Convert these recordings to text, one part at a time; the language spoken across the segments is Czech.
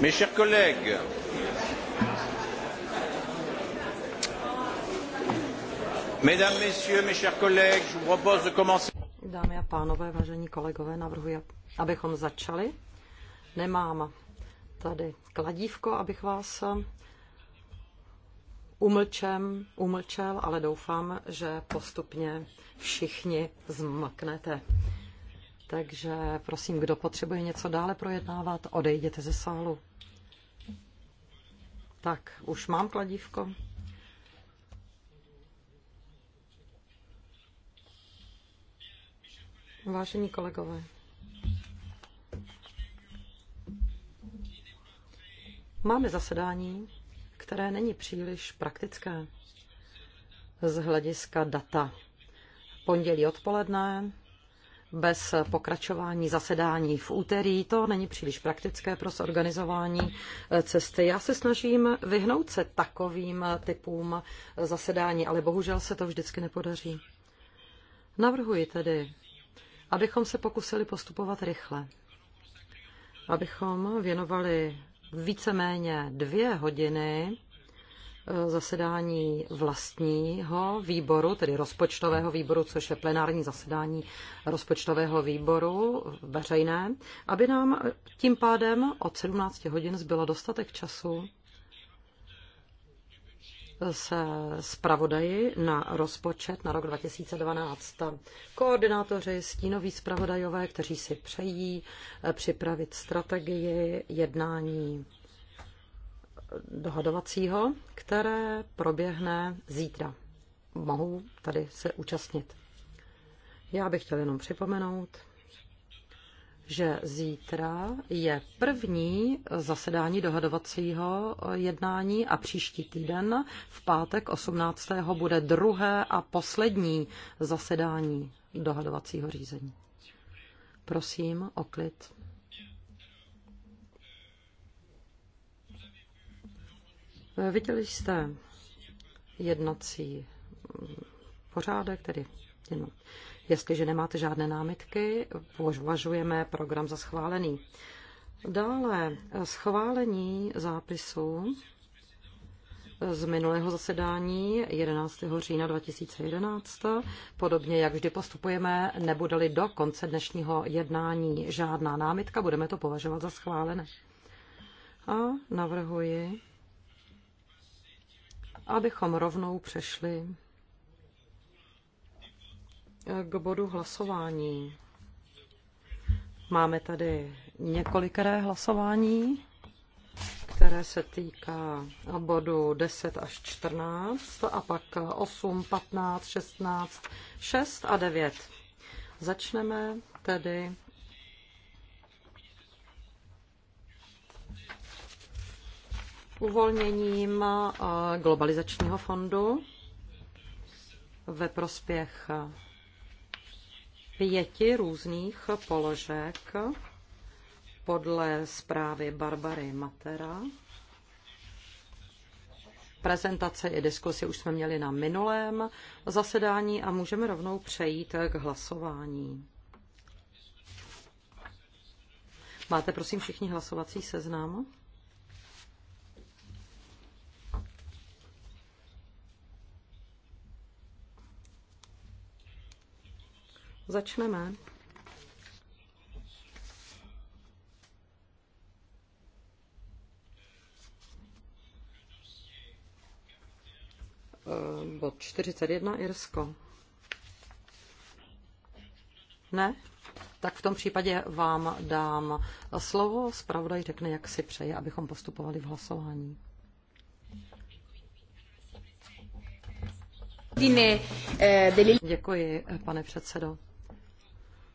Mes chers collègues, mesdames, messieurs, mes chers collègues, je vous propose de commencer. Dámy a pánové, vážení kolegové, navrhuji, abychom začali. Nemám tady kladívko, abych vás umlčem, umlčel, ale doufám, že postupně všichni zmlknete. Takže prosím, kdo potřebuje něco dále projednávat, odejděte ze sálu. Tak, už mám kladívko. Vážení kolegové, máme zasedání, které není příliš praktické z hlediska data. Pondělí odpoledne bez pokračování zasedání v úterý. To není příliš praktické pro zorganizování eh, cesty. Já se snažím vyhnout se takovým eh, typům eh, zasedání, ale bohužel se to vždycky nepodaří. Navrhuji tedy, abychom se pokusili postupovat rychle. Abychom věnovali víceméně dvě hodiny Eh, zasedání vlastního výboru, tedy rozpočtového výboru, což je plenární zasedání rozpočtového výboru veřejné, aby nám tím pádem od 17 hodin zbylo dostatek času se zpravodaji na rozpočet na rok 2012. Koordinátoři, stínoví zpravodajové, kteří si přejí eh, připravit strategii jednání dohodovacího, které proběhne zítra. Mohu tady se účastnit. Já bych chtěl jenom připomenout, že zítra je první zasedání dohadovacího jednání a příští týden v pátek 18. bude druhé a poslední zasedání dohadovacího řízení. Prosím o klid. Viděli jste jednací mm, pořádek, tedy jenom. Jestliže nemáte žádné námitky, považujeme program za schválený. Dále schválení zápisu z minulého zasedání 11. října 2011. Podobně jak vždy postupujeme, nebude-li do konce dnešního jednání žádná námitka, budeme to považovat za schválené. A navrhuji abychom rovnou přešli eh, k bodu hlasování. Máme tady několikré hlasování, které se týká bodu 10 až 14 a pak 8, 15, 16, 6 a 9. Začneme tedy uvolněním eh, globalizačního fondu ve prospěch eh, pěti různých položek podle zprávy Barbary Matera. Prezentace i diskusi už jsme měli na minulém zasedání a můžeme rovnou přejít k hlasování. Máte prosím všichni hlasovací seznam? Začneme. Eh, bod 41 Irsko. Ne? Tak v tom případě vám dám slovo. Spravodaj řekne, jak si přeje, abychom postupovali v hlasování. Eh, Děkuji, eh, pane předsedo.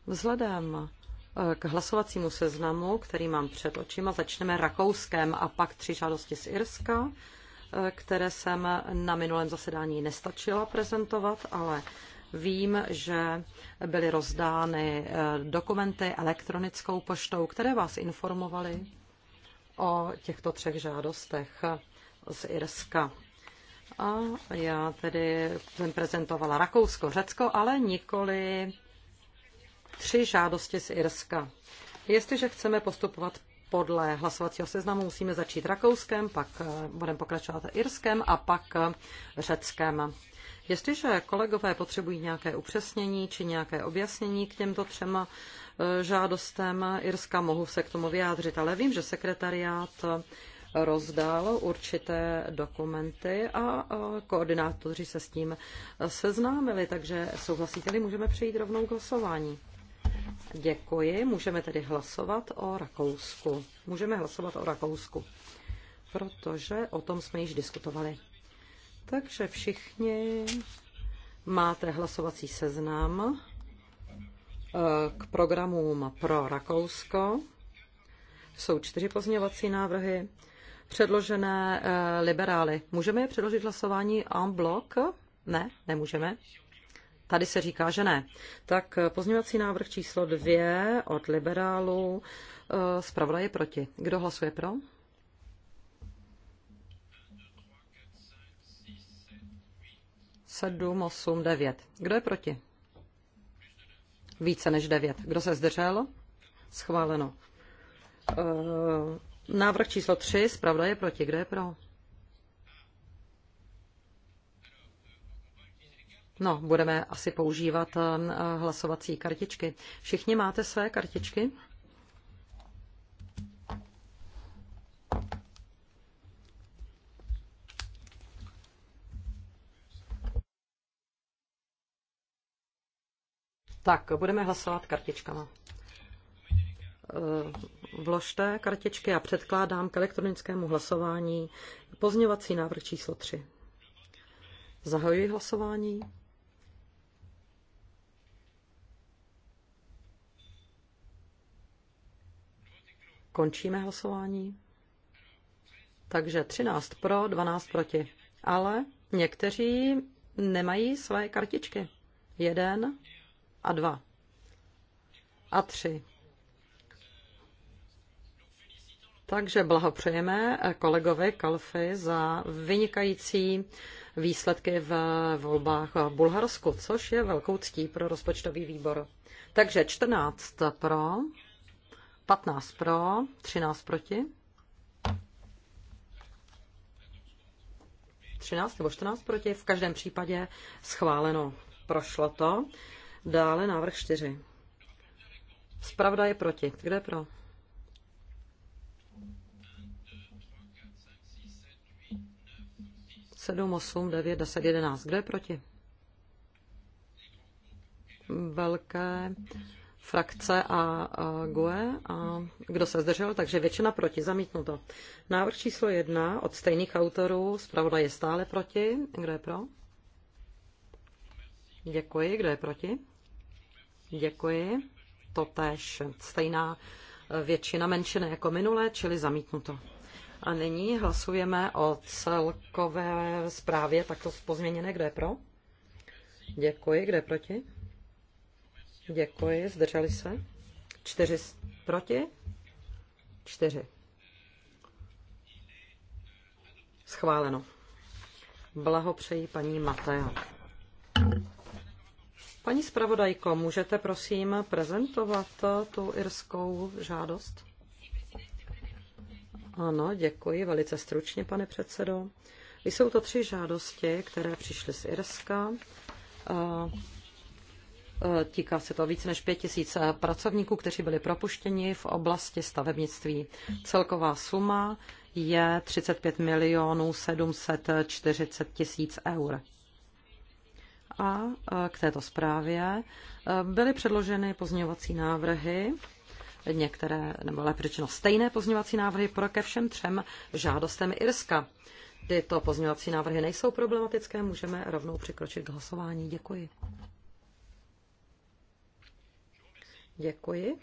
Vzhledem eh, k hlasovacímu seznamu, který mám před očima, začneme Rakouskem a pak tři žádosti z Irska, eh, které jsem na minulém zasedání nestačila prezentovat, ale vím, že byly rozdány eh, dokumenty elektronickou poštou, které vás informovaly o těchto třech žádostech z Irska. A já tedy jsem prezentovala Rakousko, Řecko, ale nikoli tři žádosti z Irska. Jestliže chceme postupovat podle hlasovacího seznamu, musíme začít Rakouskem, pak eh, budeme pokračovat Irskem a pak eh, Řeckem. Jestliže kolegové potřebují nějaké upřesnění či nějaké objasnění k těmto třema eh, žádostem Irska, mohu se k tomu vyjádřit, ale vím, že sekretariát rozdal určité dokumenty a koordinátoři se s tím seznámili, takže souhlasíte-li, můžeme přejít rovnou k hlasování. Děkuji. Můžeme tedy hlasovat o Rakousku. Můžeme hlasovat o Rakousku, protože o tom jsme již diskutovali. Takže všichni máte hlasovací seznam eh, k programům pro Rakousko. Jsou čtyři pozměňovací návrhy předložené eh, liberály. Můžeme je předložit hlasování en bloc? Ne, nemůžeme tady se říká, že ne. Tak eh, pozměňovací návrh číslo dvě od liberálu eh, Zpravodaj je proti. Kdo hlasuje pro? Sedm, osm, devět. Kdo je proti? Více než devět. Kdo se zdržel? Schváleno. Eh, návrh číslo tři. Zpravodaj je proti. Kdo je pro? No, budeme asi používat eh, eh, hlasovací kartičky. Všichni máte své kartičky? Tak, budeme hlasovat kartičkama. Eh, vložte kartičky a předkládám k elektronickému hlasování pozměňovací návrh číslo 3. Zahajuji hlasování. Končíme hlasování. Takže 13 pro, 12 proti. Ale někteří nemají své kartičky. Jeden a dva. A tři. Takže blahopřejeme kolegovi Kalfi za vynikající výsledky v volbách v Bulharsku, což je velkou ctí pro rozpočtový výbor. Takže 14 pro, 15 pro, 13 proti. 13 nebo 14 proti, v každém případě schváleno. Prošlo to. Dále návrh 4. Spravda je proti. Kdo je pro? Sedm, osm, devět, deset, jedenáct. Kdo je proti? Velké frakce a, a GUE, a kdo se zdržel, takže většina proti, zamítnuto. Návrh číslo jedna od stejných autorů, zpravodaj je stále proti, kdo je pro? Děkuji, kdo je proti? Děkuji, totéž stejná většina menšiny jako minule, čili zamítnuto. A nyní hlasujeme o celkové zprávě takto pozměněné, kdo je pro? Děkuji, kdo je proti? Děkuji. Zdrželi se? Čtyři proti? Čtyři. Schváleno. Blahopřeji paní Mateo. Paní zpravodajko, můžete prosím prezentovat tu irskou žádost? Ano, děkuji velice stručně, pane předsedo. Jsou to tři žádosti, které přišly z Irska. Eh, týká se to více než tisíc eh, pracovníků, kteří byli propuštěni v oblasti stavebnictví. Celková suma je 35 milionů 740 tisíc eur. A eh, k této zprávě byly předloženy pozměňovací návrhy, některé, nebo lépe řečeno stejné pozměňovací návrhy pro ke všem třem žádostem Irska. Tyto pozměňovací návrhy nejsou problematické, můžeme rovnou přikročit k hlasování. Děkuji. Děkuji.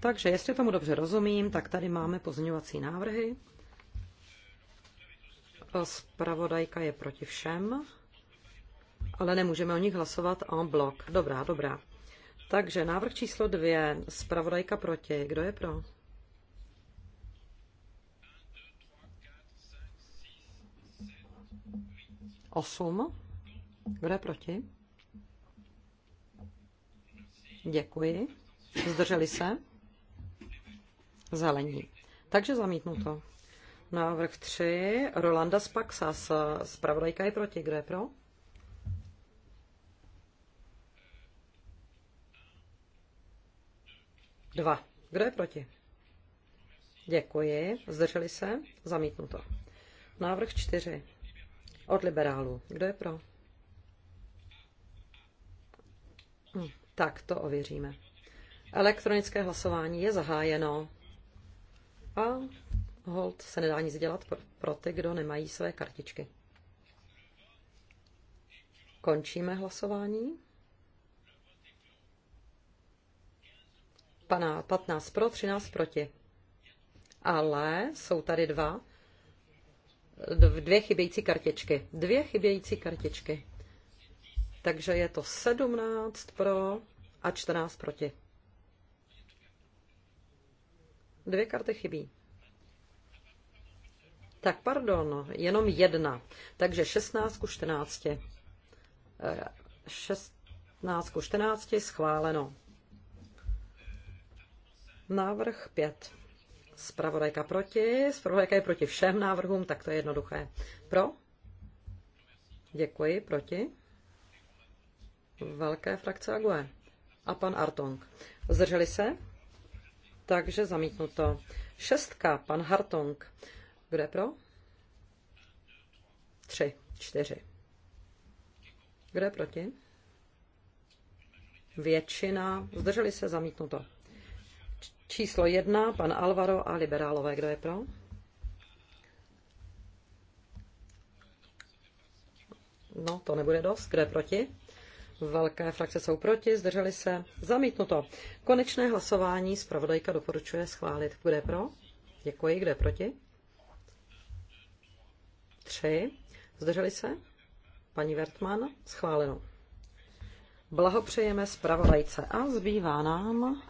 Takže jestli tomu dobře rozumím, tak tady máme pozměňovací návrhy. Spravodajka je proti všem, ale nemůžeme o nich hlasovat en blok. Dobrá, dobrá. Takže návrh číslo dvě, spravodajka proti. Kdo je pro? Osm. Kdo je proti? Děkuji. Zdrželi se? Zelení. Takže zamítnuto. Návrh 3. Rolanda Spaxa. Spravodajka je proti. Kdo je pro? Dva. Kdo je proti? Děkuji. Zdrželi se? Zamítnuto. Návrh 4. Od liberálů. Kdo je pro? Hm. Tak to ověříme. Elektronické hlasování je zahájeno a hold se nedá nic dělat pro ty, kdo nemají své kartičky. Končíme hlasování. 15 pro, 13 proti. Ale jsou tady dva, dvě chybějící kartičky. Dvě chybějící kartičky. Takže je to 17 pro a 14 proti. Dvě karty chybí. Tak pardon, jenom jedna. Takže 16 ku 14. 16 eh, ku 14 schváleno. Návrh 5. Spravodajka proti. Spravodajka je proti všem návrhům, tak to je jednoduché. Pro? Děkuji. Proti? velké frakce Agué e. a pan Artong. Zdrželi se? Takže zamítnuto. Šestka, pan Hartong. Kdo je pro? Tři, čtyři. Kdo je proti? Většina. Zdrželi se zamítnuto. Číslo jedna, pan Alvaro a liberálové. Kdo je pro? No, to nebude dost. Kdo je proti? Velké frakce jsou proti, zdrželi se. Zamítnuto. Konečné hlasování zpravodajka doporučuje schválit. Kde pro? Děkuji. Kde proti? Tři. Zdrželi se? Paní Vertman, schváleno. Blahopřejeme zpravodajce a zbývá nám.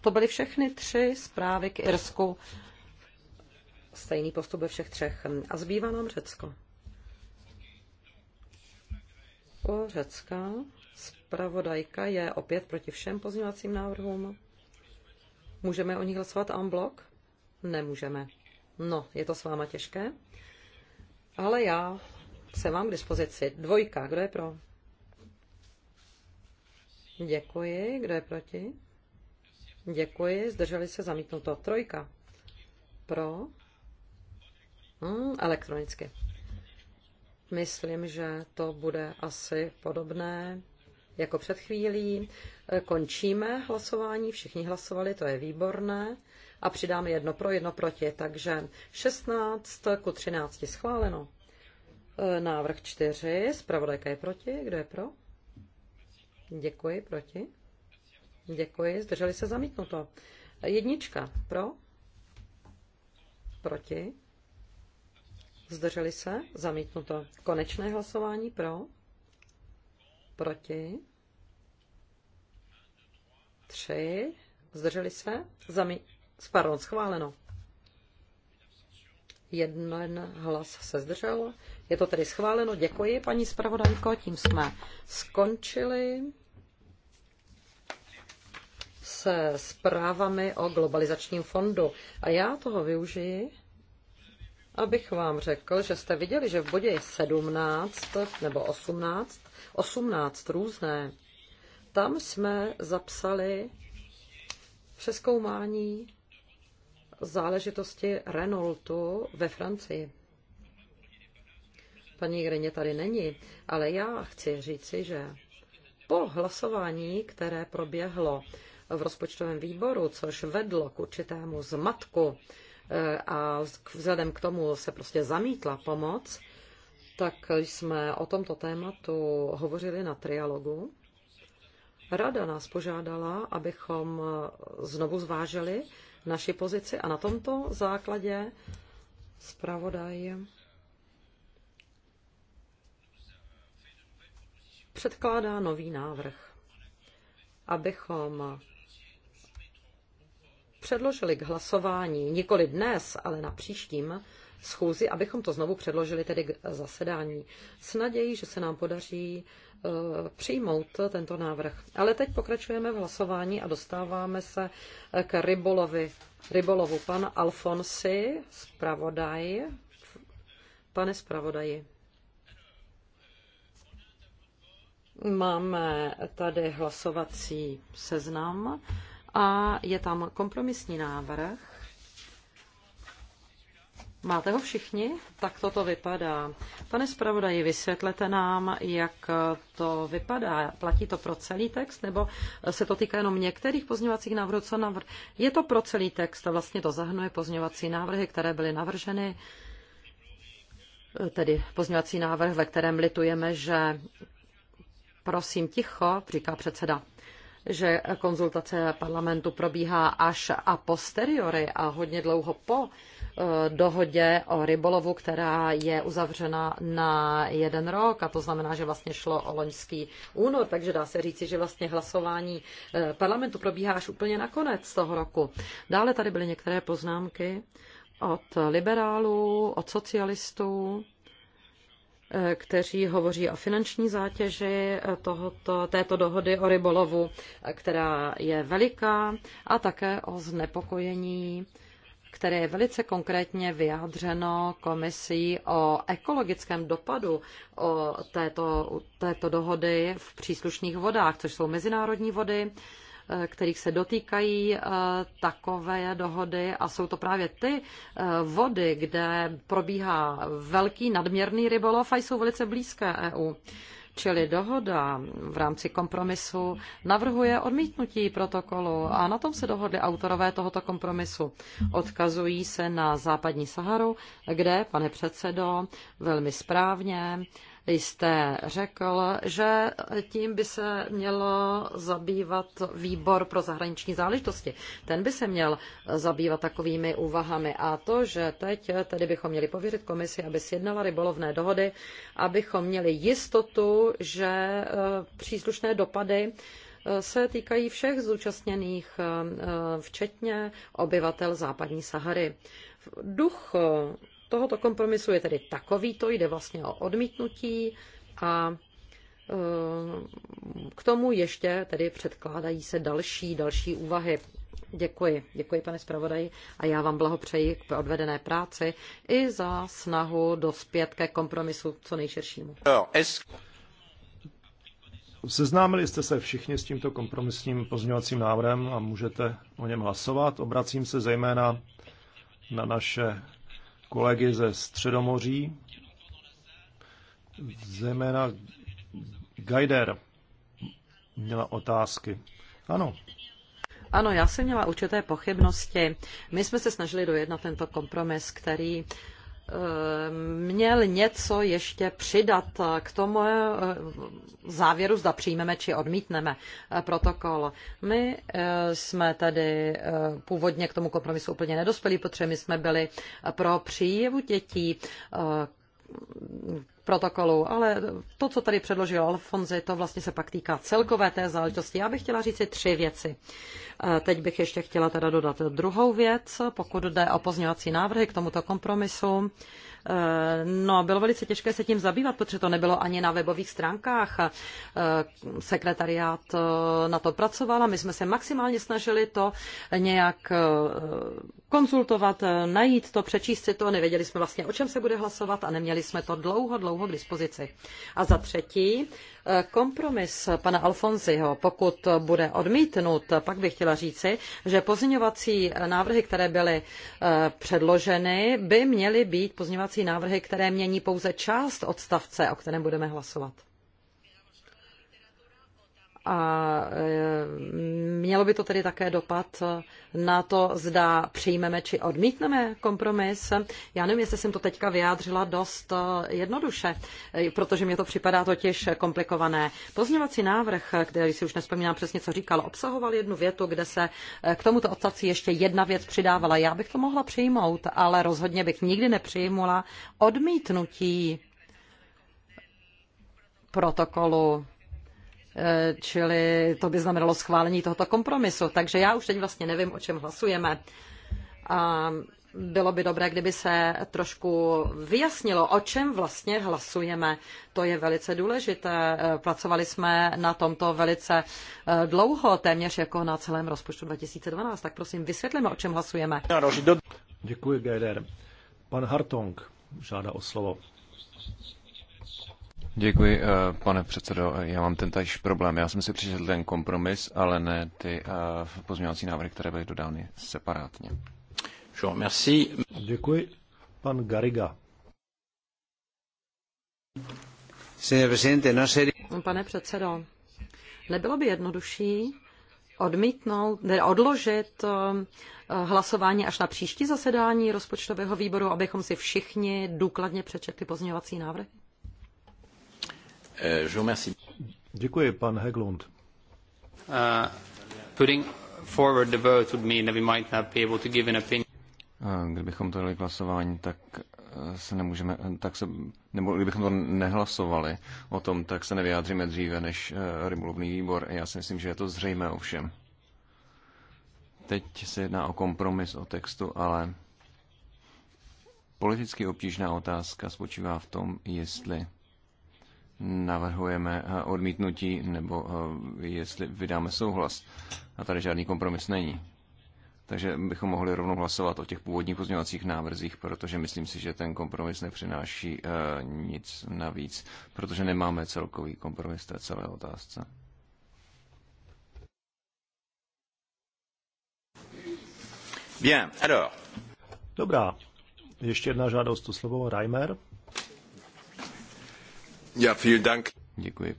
To byly všechny tři zprávy k Irsku. Stejný postup ve všech třech. A zbývá nám Řecko. Řecko, Řecka. Spravodajka je opět proti všem pozměňovacím návrhům. Můžeme o nich hlasovat en bloc? Nemůžeme. No, je to s váma těžké. Ale já se vám k dispozici. Dvojka, kdo je pro? Děkuji. Kdo je proti? Děkuji. Zdrželi se zamítnuto. Trojka. Pro. Hmm, elektronicky. Myslím, že to bude asi podobné jako před chvílí. Končíme hlasování, všichni hlasovali, to je výborné. A přidáme jedno pro, jedno proti, takže 16 ku 13 schváleno. E, návrh 4, zpravodajka je proti, kdo je pro? Děkuji, proti. Děkuji, zdrželi se zamítnuto. Jednička, pro? Proti. Zdrželi se? Zamítnuto. Konečné hlasování pro? Proti? Tři. Zdrželi se? Zamí... Pardon, schváleno. Jeden hlas se zdržel. Je to tedy schváleno. Děkuji, paní zpravodajko. Tím jsme skončili se zprávami o globalizačním fondu. A já toho využiji abych vám řekl, že jste viděli, že v bodě je 17 nebo 18, 18 různé, tam jsme zapsali přeskoumání záležitosti Renaultu ve Francii. Paní Greně tady není, ale já chci říci, že po hlasování, které proběhlo v rozpočtovém výboru, což vedlo k určitému zmatku, a vzhledem k tomu se prostě zamítla pomoc, tak jsme o tomto tématu hovořili na trialogu. Rada nás požádala, abychom znovu zvážili naši pozici a na tomto základě zpravodaj předkládá nový návrh, abychom předložili k hlasování, nikoli dnes, ale na příštím schůzi, abychom to znovu předložili tedy k zasedání. S nadějí, že se nám podaří e, přijmout tento návrh. Ale teď pokračujeme v hlasování a dostáváme se e, k rybolovi. Rybolovu pan Alfonsi, zpravodaj. Pane zpravodaji. Máme tady hlasovací seznam a je tam kompromisní návrh. Máte ho všichni? Tak toto vypadá. Pane zpravodaji, vysvětlete nám, jak to vypadá. Platí to pro celý text, nebo se to týká jenom některých pozměňovacích návrhů? Co navr... Je to pro celý text, vlastně to zahrnuje pozměňovací návrhy, které byly navrženy tedy pozměňovací návrh, ve kterém litujeme, že prosím ticho, říká předseda, že konzultace parlamentu probíhá až a posteriori a hodně dlouho po eh, dohodě o rybolovu, která je uzavřena na jeden rok, a to znamená, že vlastně šlo o loňský únor, takže dá se říci, že vlastně hlasování eh, parlamentu probíhá až úplně na konec toho roku. Dále tady byly některé poznámky od liberálů, od socialistů kteří hovoří o finanční zátěži tohoto, této dohody o rybolovu, která je veliká, a také o znepokojení, které je velice konkrétně vyjádřeno komisí o ekologickém dopadu o této, této dohody v příslušných vodách, což jsou mezinárodní vody, Eh, kterých se dotýkají eh, takové dohody a jsou to právě ty eh, vody, kde probíhá velký nadměrný rybolov a jsou velice blízké EU. Čili dohoda v rámci kompromisu navrhuje odmítnutí protokolu a na tom se dohodli autorové tohoto kompromisu. Odkazují se na západní Saharu, kde, pane předsedo, velmi správně jste řekl, že tím by se mělo zabývat výbor pro zahraniční záležitosti. Ten by se měl zabývat takovými úvahami a to, že teď tedy bychom měli pověřit komisi, aby sjednala rybolovné dohody, abychom měli jistotu, že eh, příslušné dopady eh, se týkají všech zúčastněných, eh, včetně obyvatel západní Sahary. Duch tohoto kompromisu je tedy takový, to jde vlastně o odmítnutí a eh, k tomu ještě tedy předkládají se další, další úvahy. Děkuji, děkuji pane zpravodaji a já vám blahopřeji k odvedené práci i za snahu dospět ke kompromisu co nejširšímu. Seznámili jste se všichni s tímto kompromisním pozměňovacím návrhem a můžete o něm hlasovat. Obracím se zejména na naše kolegy ze Středomoří, zejména Gajder měla otázky. Ano. Ano, já jsem měla určité pochybnosti. My jsme se snažili dojednat tento kompromis, který Eh, měl něco ještě přidat k tomu eh, závěru, zda přijmeme či odmítneme eh, protokol. My jsme tedy původně k tomu kompromisu úplně nedospěli, protože my jsme byli pro příjevu dětí protokolu, ale to, co tady předložil Alfonzi, to vlastně se pak týká celkové té záležitosti. Já bych chtěla říci tři věci. Eh, teď bych ještě chtěla teda dodat druhou věc, pokud jde o pozňovací návrhy k tomuto kompromisu. Eh, no, bylo velice těžké se tím zabývat, protože to nebylo ani na webových stránkách. Eh, sekretariát eh, na to pracoval a my jsme se maximálně snažili to nějak konzultovat, najít to, přečíst si to. Nevěděli jsme vlastně, o čem se bude hlasovat a neměli jsme to dlouho, dlouho k dispozici. A za třetí, Kompromis pana Alfonziho, pokud bude odmítnut, pak bych chtěla říci, že pozměňovací návrhy, které byly eh, předloženy, by měly být pozměňovací návrhy, které mění pouze část odstavce, o kterém budeme hlasovat. A e, mělo by to tedy také dopad na to, zda přijmeme či odmítneme kompromis. Já nevím, jestli jsem to teďka vyjádřila dost e, jednoduše, e, protože mě to připadá totiž komplikované. Pozněvací návrh, který si už nespomínám přesně, co říkal, obsahoval jednu větu, kde se k tomuto odstavci ještě jedna věc přidávala. Já bych to mohla přijmout, ale rozhodně bych nikdy nepřijmula odmítnutí protokolu Eh, čili to by znamenalo schválení tohoto kompromisu. Takže já už teď vlastně nevím, o čem hlasujeme. A bylo by dobré, kdyby se trošku vyjasnilo, o čem vlastně hlasujeme. To je velice důležité. Eh, pracovali jsme na tomto velice eh, dlouho, téměř jako na celém rozpočtu 2012. Tak prosím, vysvětlíme, o čem hlasujeme. Děkuji, Geder. Pan Hartong žádá o slovo. Děkuji, eh, pane předsedo. Já mám ten tajší problém. Já jsem si přišel ten kompromis, ale ne ty eh, pozměňovací návrhy, které byly dodány separátně. Merci. Děkuji. Pan Gariga. No pane předsedo, nebylo by jednodušší odmítnout, ne, odložit eh, hlasování až na příští zasedání rozpočtového výboru, abychom si všichni důkladně přečetli pozměňovací návrhy? Eh, je vous remercie. Děkuji, pan Heglund. Uh, putting forward the vote would mean that we might not be able to give an opinion. Kdybychom to dali k hlasování, tak eh, se nemůžeme, eh, tak se, nebo kdybychom to nehlasovali o tom, tak se nevyjádříme dříve než rybolovný výbor. Já si myslím, že je to zřejmé ovšem. Teď se jedná o kompromis o textu, ale politicky obtížná otázka spočívá v tom, jestli navrhujeme eh, odmítnutí nebo eh, jestli vydáme souhlas. A tady žádný kompromis není. Takže bychom mohli rovnou hlasovat o těch původních pozměňovacích návrzích, protože myslím si, že ten kompromis nepřináší eh, nic navíc, protože nemáme celkový kompromis té celé otázce. Bien, alors. Dobrá. Ještě jedna žádost o slovo. Reimer. Ja, vielen Dank. Děkuji.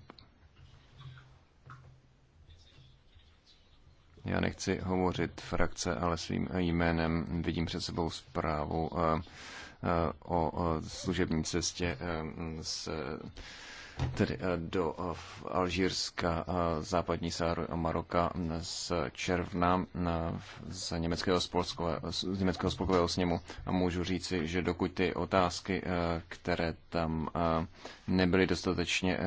Já nechci hovořit frakce, ale svým jménem vidím před sebou zprávu eh, eh, o služební cestě eh, s tedy eh, do eh, Alžírska, eh, západní Sáru a Maroka z června z německého, spolkové, z německého spolkového sněmu a můžu říci, že dokud ty otázky, které tam nebyly dostatečně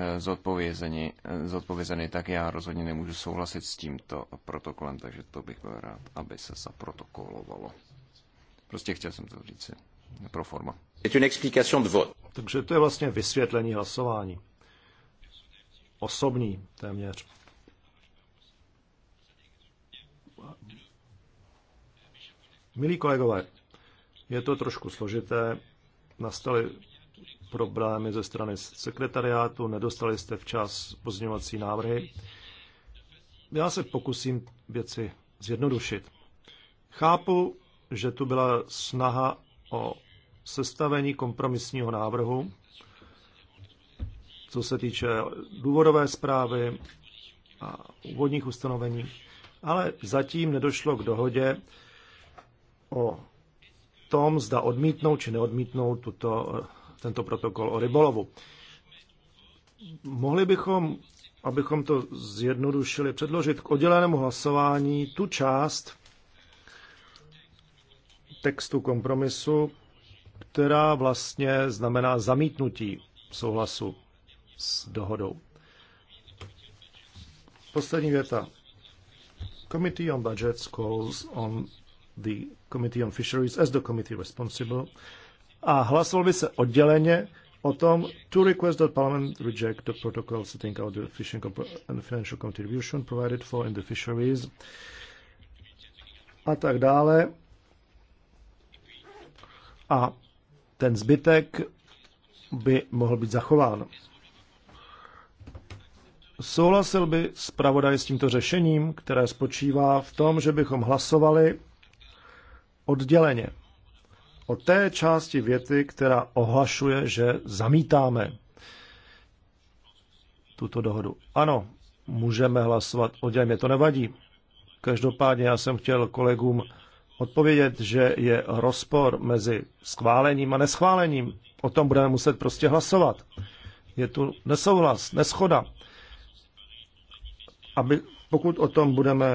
zodpovězeny, tak já rozhodně nemůžu souhlasit s tímto protokolem, takže to bych byl rád, aby se zaprotokolovalo. Prostě chtěl jsem to říci pro forma. Takže to je vlastně vysvětlení hlasování osobní téměř. Milí kolegové, je to trošku složité. Nastaly problémy ze strany sekretariátu, nedostali jste včas pozměňovací návrhy. Já se pokusím věci zjednodušit. Chápu, že tu byla snaha o sestavení kompromisního návrhu, co se týče důvodové zprávy a úvodních ustanovení, ale zatím nedošlo k dohodě o tom, zda odmítnou či neodmítnou tuto, tento protokol o rybolovu. Mohli bychom, abychom to zjednodušili, předložit k oddělenému hlasování tu část textu kompromisu, která vlastně znamená zamítnutí souhlasu s dohodou. Poslední věta. Committee on Budgets calls on the Committee on Fisheries as the committee responsible a hlasoval by se odděleně o tom to request that Parliament reject the protocol setting out the fishing and financial contribution provided for in the fisheries a tak dále. A ten zbytek by mohl být zachován. Souhlasil by zpravodaj s tímto řešením, které spočívá v tom, že bychom hlasovali odděleně o té části věty, která ohlašuje, že zamítáme tuto dohodu. Ano, můžeme hlasovat odděleně, to nevadí. Každopádně já jsem chtěl kolegům odpovědět, že je rozpor mezi schválením a neschválením. O tom budeme muset prostě hlasovat. Je tu nesouhlas, neschoda aby pokud o tom budeme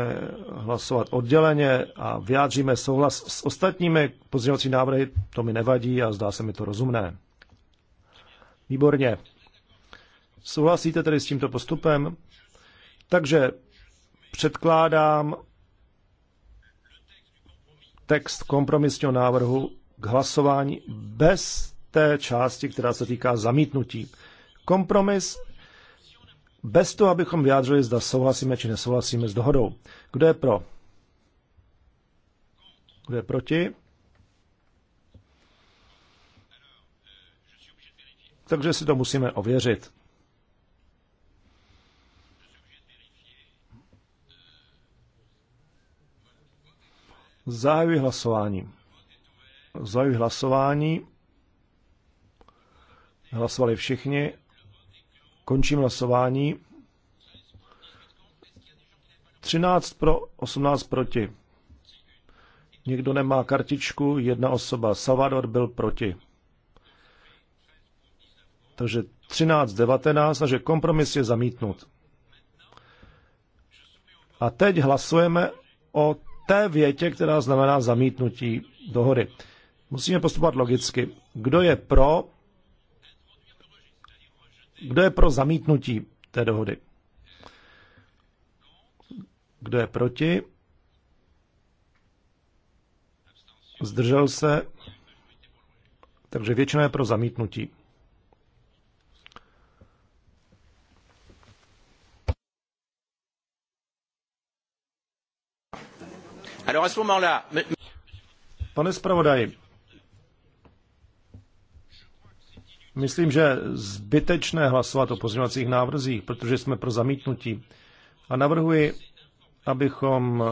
hlasovat odděleně a vyjádříme souhlas s ostatními pozdějovací návrhy, to mi nevadí a zdá se mi to rozumné. Výborně. Souhlasíte tedy s tímto postupem? Takže předkládám text kompromisního návrhu k hlasování bez té části, která se týká zamítnutí. Kompromis bez toho, abychom vyjádřili, zda souhlasíme či nesouhlasíme s dohodou. Kdo je pro? Kdo je proti? Takže si to musíme ověřit. Zahajuji hlasování. Zahajuji hlasování. Hlasovali všichni. Končím hlasování. 13 pro, 18 proti. Někdo nemá kartičku, jedna osoba. Salvador byl proti. Takže 13-19, takže kompromis je zamítnut. A teď hlasujeme o té větě, která znamená zamítnutí dohody. Musíme postupovat logicky. Kdo je pro kdo je pro zamítnutí té dohody? Kdo je proti? Zdržel se? Takže většina je pro zamítnutí. Pane zpravodaji, Myslím, že zbytečné hlasovat o pozměňovacích návrzích, protože jsme pro zamítnutí. A navrhuji, abychom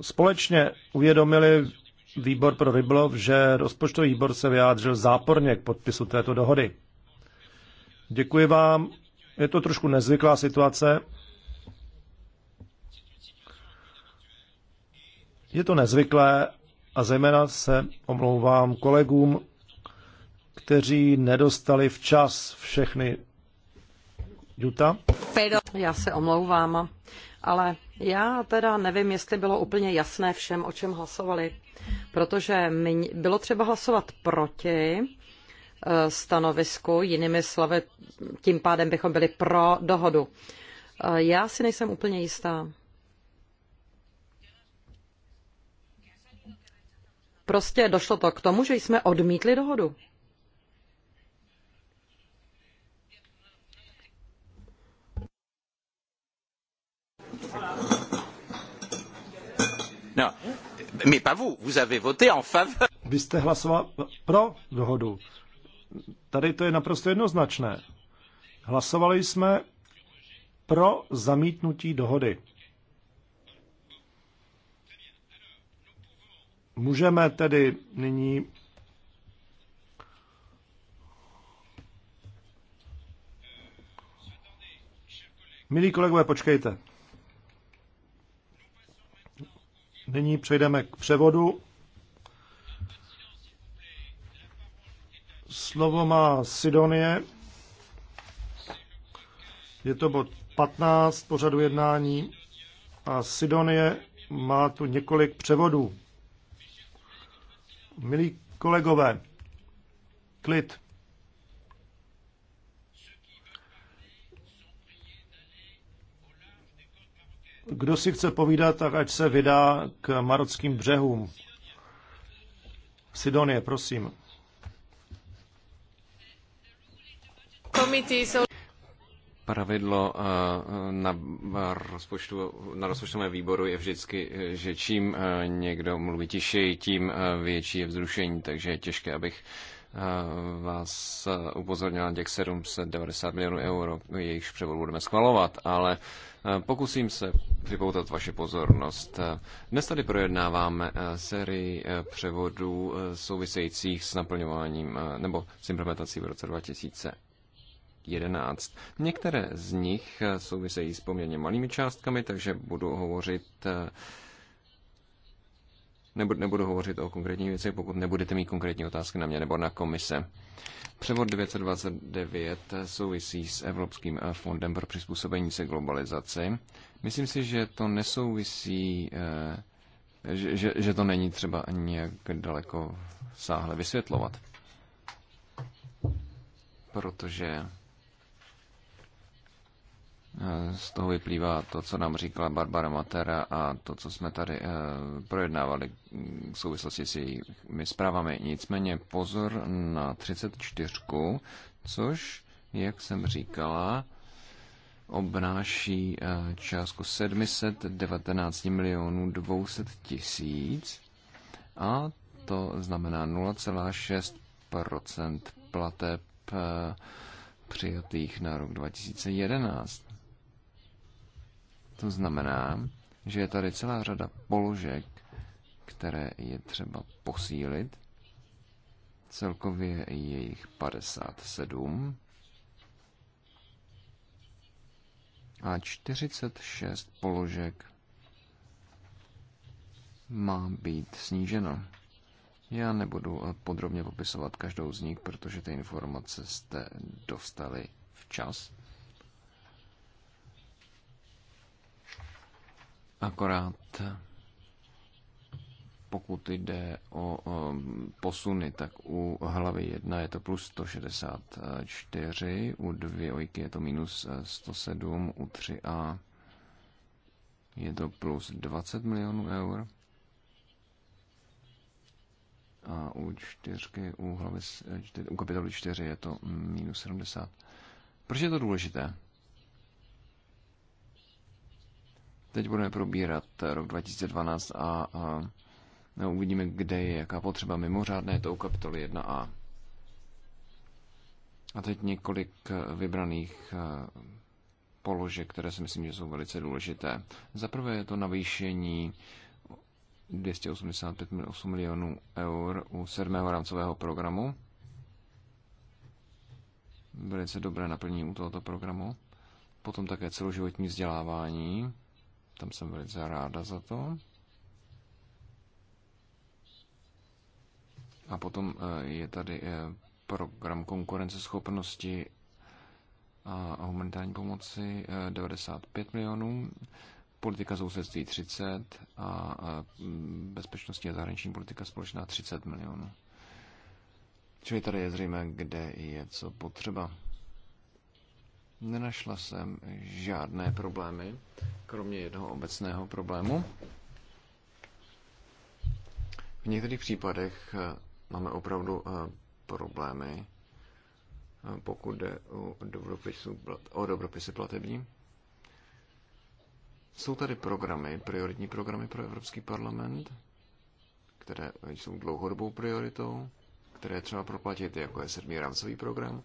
společně uvědomili výbor pro rybolov, že rozpočtový výbor se vyjádřil záporně k podpisu této dohody. Děkuji vám. Je to trošku nezvyklá situace. Je to nezvyklé a zejména se omlouvám kolegům, kteří nedostali včas všechny. Juta? Já se omlouvám, ale já teda nevím, jestli bylo úplně jasné všem, o čem hlasovali, protože bylo třeba hlasovat proti eh, stanovisku, jinými slovy, tím pádem bychom byli pro dohodu. Eh, já si nejsem úplně jistá. Prostě došlo to k tomu, že jsme odmítli dohodu. No, mais vous avez voté en faveur. Vy jste hlasoval pro dohodu. Tady to je naprosto jednoznačné. Hlasovali jsme pro zamítnutí dohody. Můžeme tedy nyní Milí kolegové, počkejte. Nyní přejdeme k převodu. Slovo má Sidonie. Je to bod 15 pořadu jednání a Sidonie má tu několik převodů. Milí kolegové, klid. Kdo si chce povídat, tak ať se vydá k marockým břehům. Sidonie, prosím. Pravidlo eh, na, eh, rozpočtu, na rozpočtovém výboru je vždycky, eh, že čím někdo mluví tišeji, tím větší je vzrušení, takže je těžké, abych Eh, vás eh, upozornil těch 790 milionů euro, jejichž převod budeme schvalovat, ale eh, pokusím se připoutat vaši pozornost. Dnes tady projednáváme sérii převodů souvisejících s naplňováním nebo s implementací v roce 2000. 11. Některé z nich souvisejí s poměrně malými částkami, takže budu hovořit nebudu, nebudu hovořit o konkrétních věcech, pokud nebudete mít konkrétní otázky na mě nebo na komise. Převod 929 souvisí s Evropským eh, fondem pro přizpůsobení se globalizaci. Myslím si, že to nesouvisí, eh, že, že, že to není třeba ani nějak daleko sáhle vysvětlovat. Protože Eh, z toho vyplývá to, co nám říkala Barbara Matera a to, co jsme tady eh, projednávali v souvislosti s jejími zprávami. Nicméně pozor na 34, což, jak jsem říkala, obnáší eh, částku 719 milionů 200 tisíc a to znamená 0,6 plateb přijatých na rok 2011. To znamená, že je tady celá řada položek, které je třeba posílit. Celkově je jich 57. A 46 položek má být sníženo. Já nebudu podrobně popisovat každou z nich, protože ty informace jste dostali včas. Akorát pokud jde o, o posuny, tak u hlavy 1 je to plus 164, u 2 ojky je to minus 107, u 3a je to plus 20 milionů eur a u 4, u, hlavy, u kapitoly 4 je to minus 70. Proč je to důležité? Teď budeme probírat rok 2012 a, a no, uvidíme, kde je jaká potřeba mimořádné, to u kapitoly 1a. A teď několik eh, vybraných eh, položek, které si myslím, že jsou velice důležité. Za prvé je to navýšení 285 milionů eur u sedmého rámcového programu. Velice dobré naplnění u tohoto programu. Potom také celoživotní vzdělávání tam jsem velice ráda za to. A potom eh, je tady eh, program konkurenceschopnosti a humanitární pomoci 95 eh, milionů, politika sousedství 30 a bezpečnostní a zahraniční politika společná 30 milionů. Čili tady je zřejmé, kde je co potřeba. Nenašla jsem žádné problémy, kromě jednoho obecného problému. V některých případech eh, máme opravdu eh, problémy, eh, pokud jde o, dobropisu, o dobropisy platební. Jsou tady programy, prioritní programy pro Evropský parlament, které jsou dlouhodobou prioritou, které třeba proplatit, jako je sedmý rámcový program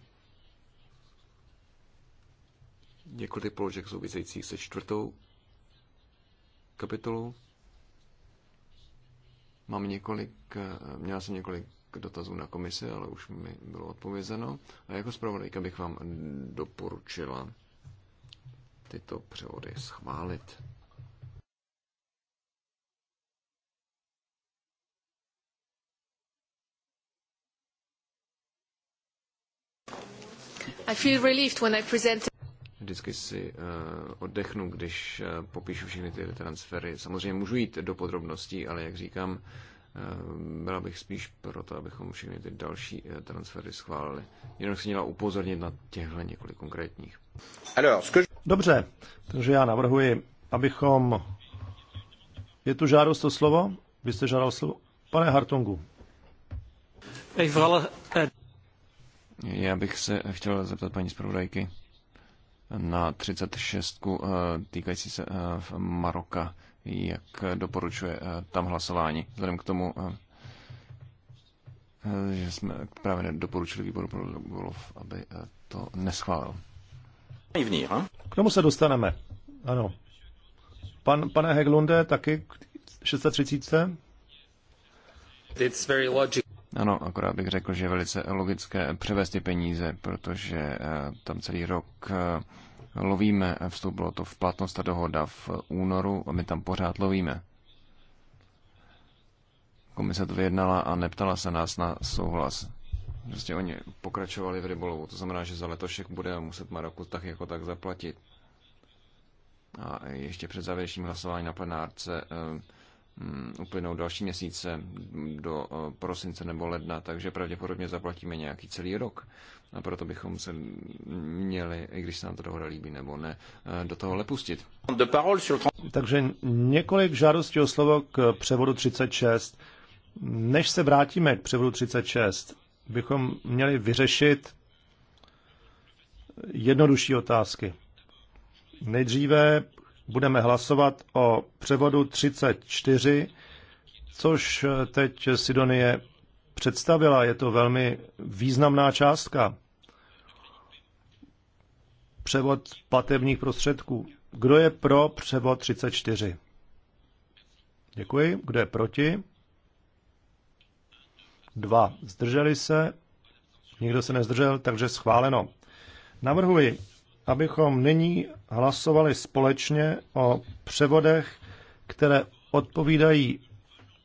několik položek souvisejících se čtvrtou kapitolou. Mám několik, měla jsem několik dotazů na komisi, ale už mi bylo odpovězeno. A jako zpravodajka bych vám doporučila tyto převody schválit. I feel relieved when I present Vždycky si eh, oddechnu, když eh, popíšu všechny ty transfery. Samozřejmě můžu jít do podrobností, ale jak říkám, eh, byla bych spíš proto, abychom všechny ty další transfery schválili. Jenom si měla upozornit na těchto několik konkrétních. Dobře, takže já navrhuji, abychom... Je tu žádost o slovo? Vy jste žádal slovo? Pane Hartungu. Já bych se chtěl zeptat paní zpravodajky na 36 eh, týkající se eh, v Maroka, jak doporučuje eh, tam hlasování. Vzhledem k tomu, že jsme právě doporučili výboru pro Golov, aby to neschválil. K tomu se dostaneme. Ano. Pan, pane Heglunde, taky 630? It's very ano, akorát bych řekl, že je velice logické převést ty peníze, protože eh, tam celý rok eh, lovíme, vstoupilo to v platnost ta dohoda v únoru a my tam pořád lovíme. Komise to vyjednala a neptala se nás na souhlas. Prostě oni pokračovali v rybolovu, to znamená, že za letošek bude muset Maroku tak jako tak zaplatit. A ještě před závěrečním hlasováním na plenárce eh, Mm, uplynou další měsíce do eh, prosince nebo ledna, takže pravděpodobně zaplatíme nějaký celý rok. A proto bychom se měli, i když se nám to dohoda líbí nebo ne, eh, do toho lepustit. Takže několik žádostí o slovo k převodu 36. Než se vrátíme k převodu 36, bychom měli vyřešit jednodušší otázky. Nejdříve budeme hlasovat o převodu 34, což teď Sidonie představila. Je to velmi významná částka. Převod platebních prostředků. Kdo je pro převod 34? Děkuji. Kdo je proti? Dva. Zdrželi se? Nikdo se nezdržel, takže schváleno. Navrhuji abychom nyní hlasovali společně o převodech, které odpovídají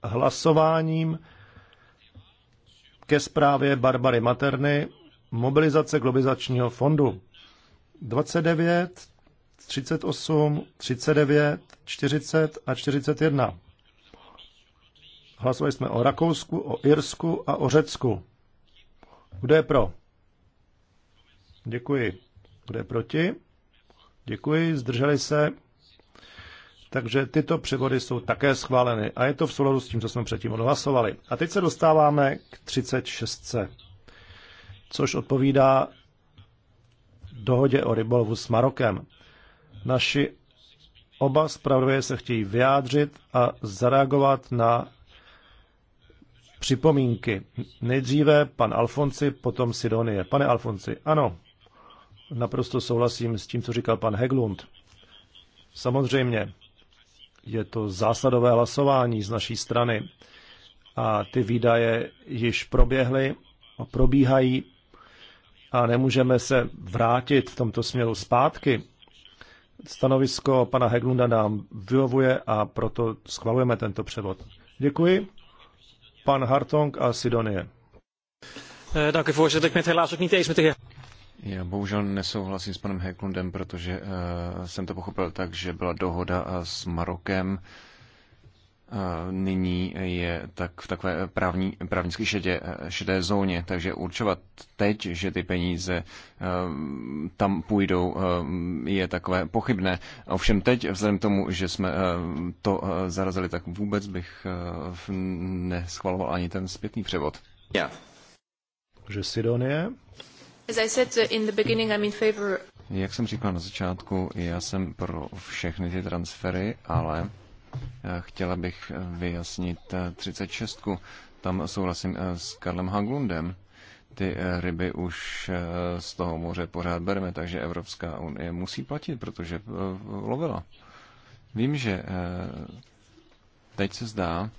hlasováním ke zprávě Barbary Materny mobilizace globalizačního fondu. 29, 38, 39, 40 a 41. Hlasovali jsme o Rakousku, o Irsku a o Řecku. Kdo je pro? Děkuji. Kdo je proti? Děkuji, zdrželi se. Takže tyto převody jsou také schváleny a je to v souladu s tím, co jsme předtím odhlasovali. A teď se dostáváme k 36. Což odpovídá dohodě o rybolovu s Marokem. Naši oba zpravodaje se chtějí vyjádřit a zareagovat na připomínky. Nejdříve pan Alfonsi, potom Sidonie. Pane Alfonsi, ano, naprosto souhlasím s tím, co říkal pan Heglund. Samozřejmě je to zásadové hlasování z naší strany a ty výdaje již proběhly a probíhají a nemůžeme se vrátit v tomto směru zpátky. Stanovisko pana Heglunda nám vyhovuje a proto schvalujeme tento převod. Děkuji. Pan Hartong a Sidonie. Eh, dank u voorzitter. Ik ben het helaas ook niet eens met de heer já bohužel nesouhlasím s panem Heklundem, protože uh, jsem to pochopil tak, že byla dohoda eh, s Marokem. Uh, nyní je tak v takové právní, právnické šedě, šedé zóně, takže určovat teď, že ty peníze uh, tam půjdou, uh, je takové pochybné. Ovšem teď, vzhledem k tomu, že jsme uh, to uh, zarazili, tak vůbec bych uh, neschvaloval ani ten zpětný převod. Já. Yeah. Že Sidonie? Uh, Jak jsem říkal na začátku, já jsem pro všechny ty transfery, ale eh, chtěla bych eh, vyjasnit 36. Eh, Tam souhlasím s Karlem Haglundem. Ty ryby už z toho moře pořád bereme, takže Evropská unie musí platit, protože lovila. Vím, že teď se zdá,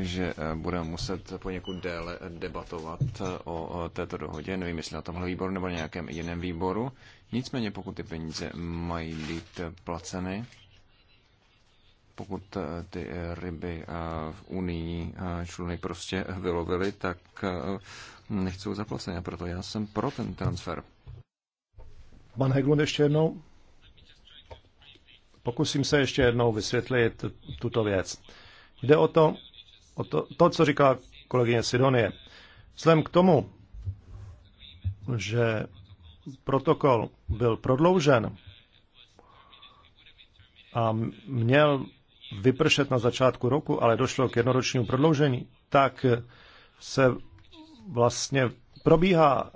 že eh, budeme muset poněkud déle eh, debatovat eh, o této dohodě. Nevím, jestli na tomhle výboru nebo nějakém jiném výboru. Nicméně, pokud ty peníze mají být placeny, pokud ty ryby v unii čluny prostě vylovily, tak nechcou zaplacené. proto já jsem pro ten transfer. Pan Heglund ještě jednou. Pokusím se ještě jednou vysvětlit tuto věc. Jde o to, o to, to, co říká kolegyně Sidonie. Vzhledem k tomu, že protokol byl prodloužen a měl vypršet na začátku roku, ale došlo k jednoročnímu prodloužení, tak se vlastně probíhá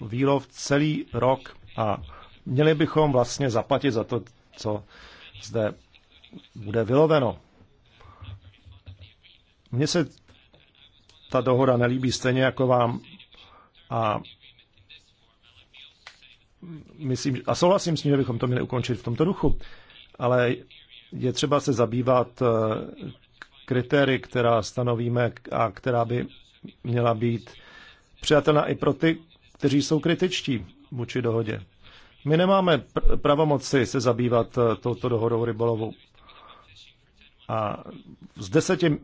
výlov celý rok a měli bychom vlastně zaplatit za to, co zde bude vyloveno. Mně se ta dohoda nelíbí stejně jako vám a myslím, a souhlasím s ním, že bychom to měli ukončit v tomto duchu, ale je třeba se zabývat eh, kritéry, která stanovíme a která by měla být přijatelná i pro ty, kteří jsou kritičtí vůči dohodě. My nemáme pravomoci se zabývat eh, touto dohodou rybolovu. A z deseti,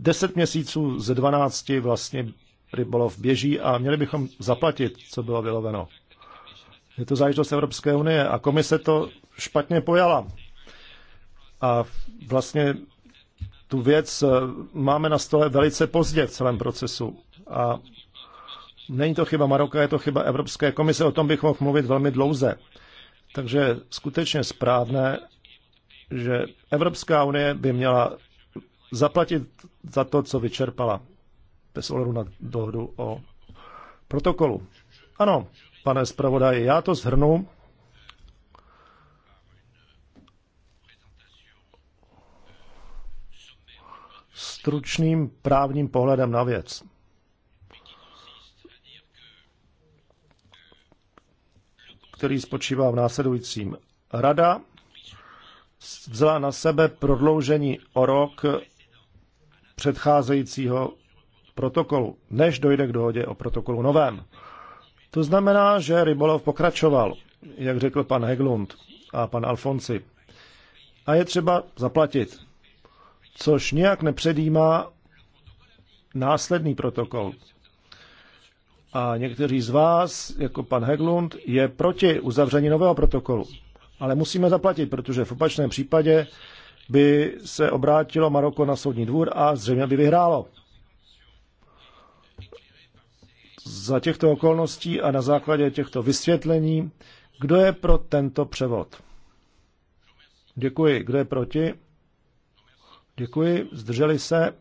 deset měsíců ze dvanácti vlastně rybolov běží a měli bychom zaplatit, co bylo vyloveno. Je to záležitost Evropské unie a komise to špatně pojala. A vlastně tu věc eh, máme na stole velice pozdě v celém procesu. A není to chyba Maroka, je to chyba Evropské komise, o tom bych mohl mluvit velmi dlouze. Takže skutečně správné že Evropská unie by měla zaplatit za to, co vyčerpala, bez ohledu na dohodu o protokolu. Ano, pane zpravodaji, já to zhrnu. stručným právním pohledem na věc. který spočívá v následujícím. Rada vzala na sebe prodloužení o rok předcházejícího protokolu, než dojde k dohodě o protokolu novém. To znamená, že rybolov pokračoval, jak řekl pan Heglund a pan Alfonsi. A je třeba zaplatit, což nijak nepředjímá následný protokol. A někteří z vás, jako pan Heglund, je proti uzavření nového protokolu ale musíme zaplatit, protože v opačném případě by se obrátilo Maroko na soudní dvůr a zřejmě by vyhrálo. Za těchto okolností a na základě těchto vysvětlení, kdo je pro tento převod? Děkuji. Kdo je proti? Děkuji. Zdrželi se?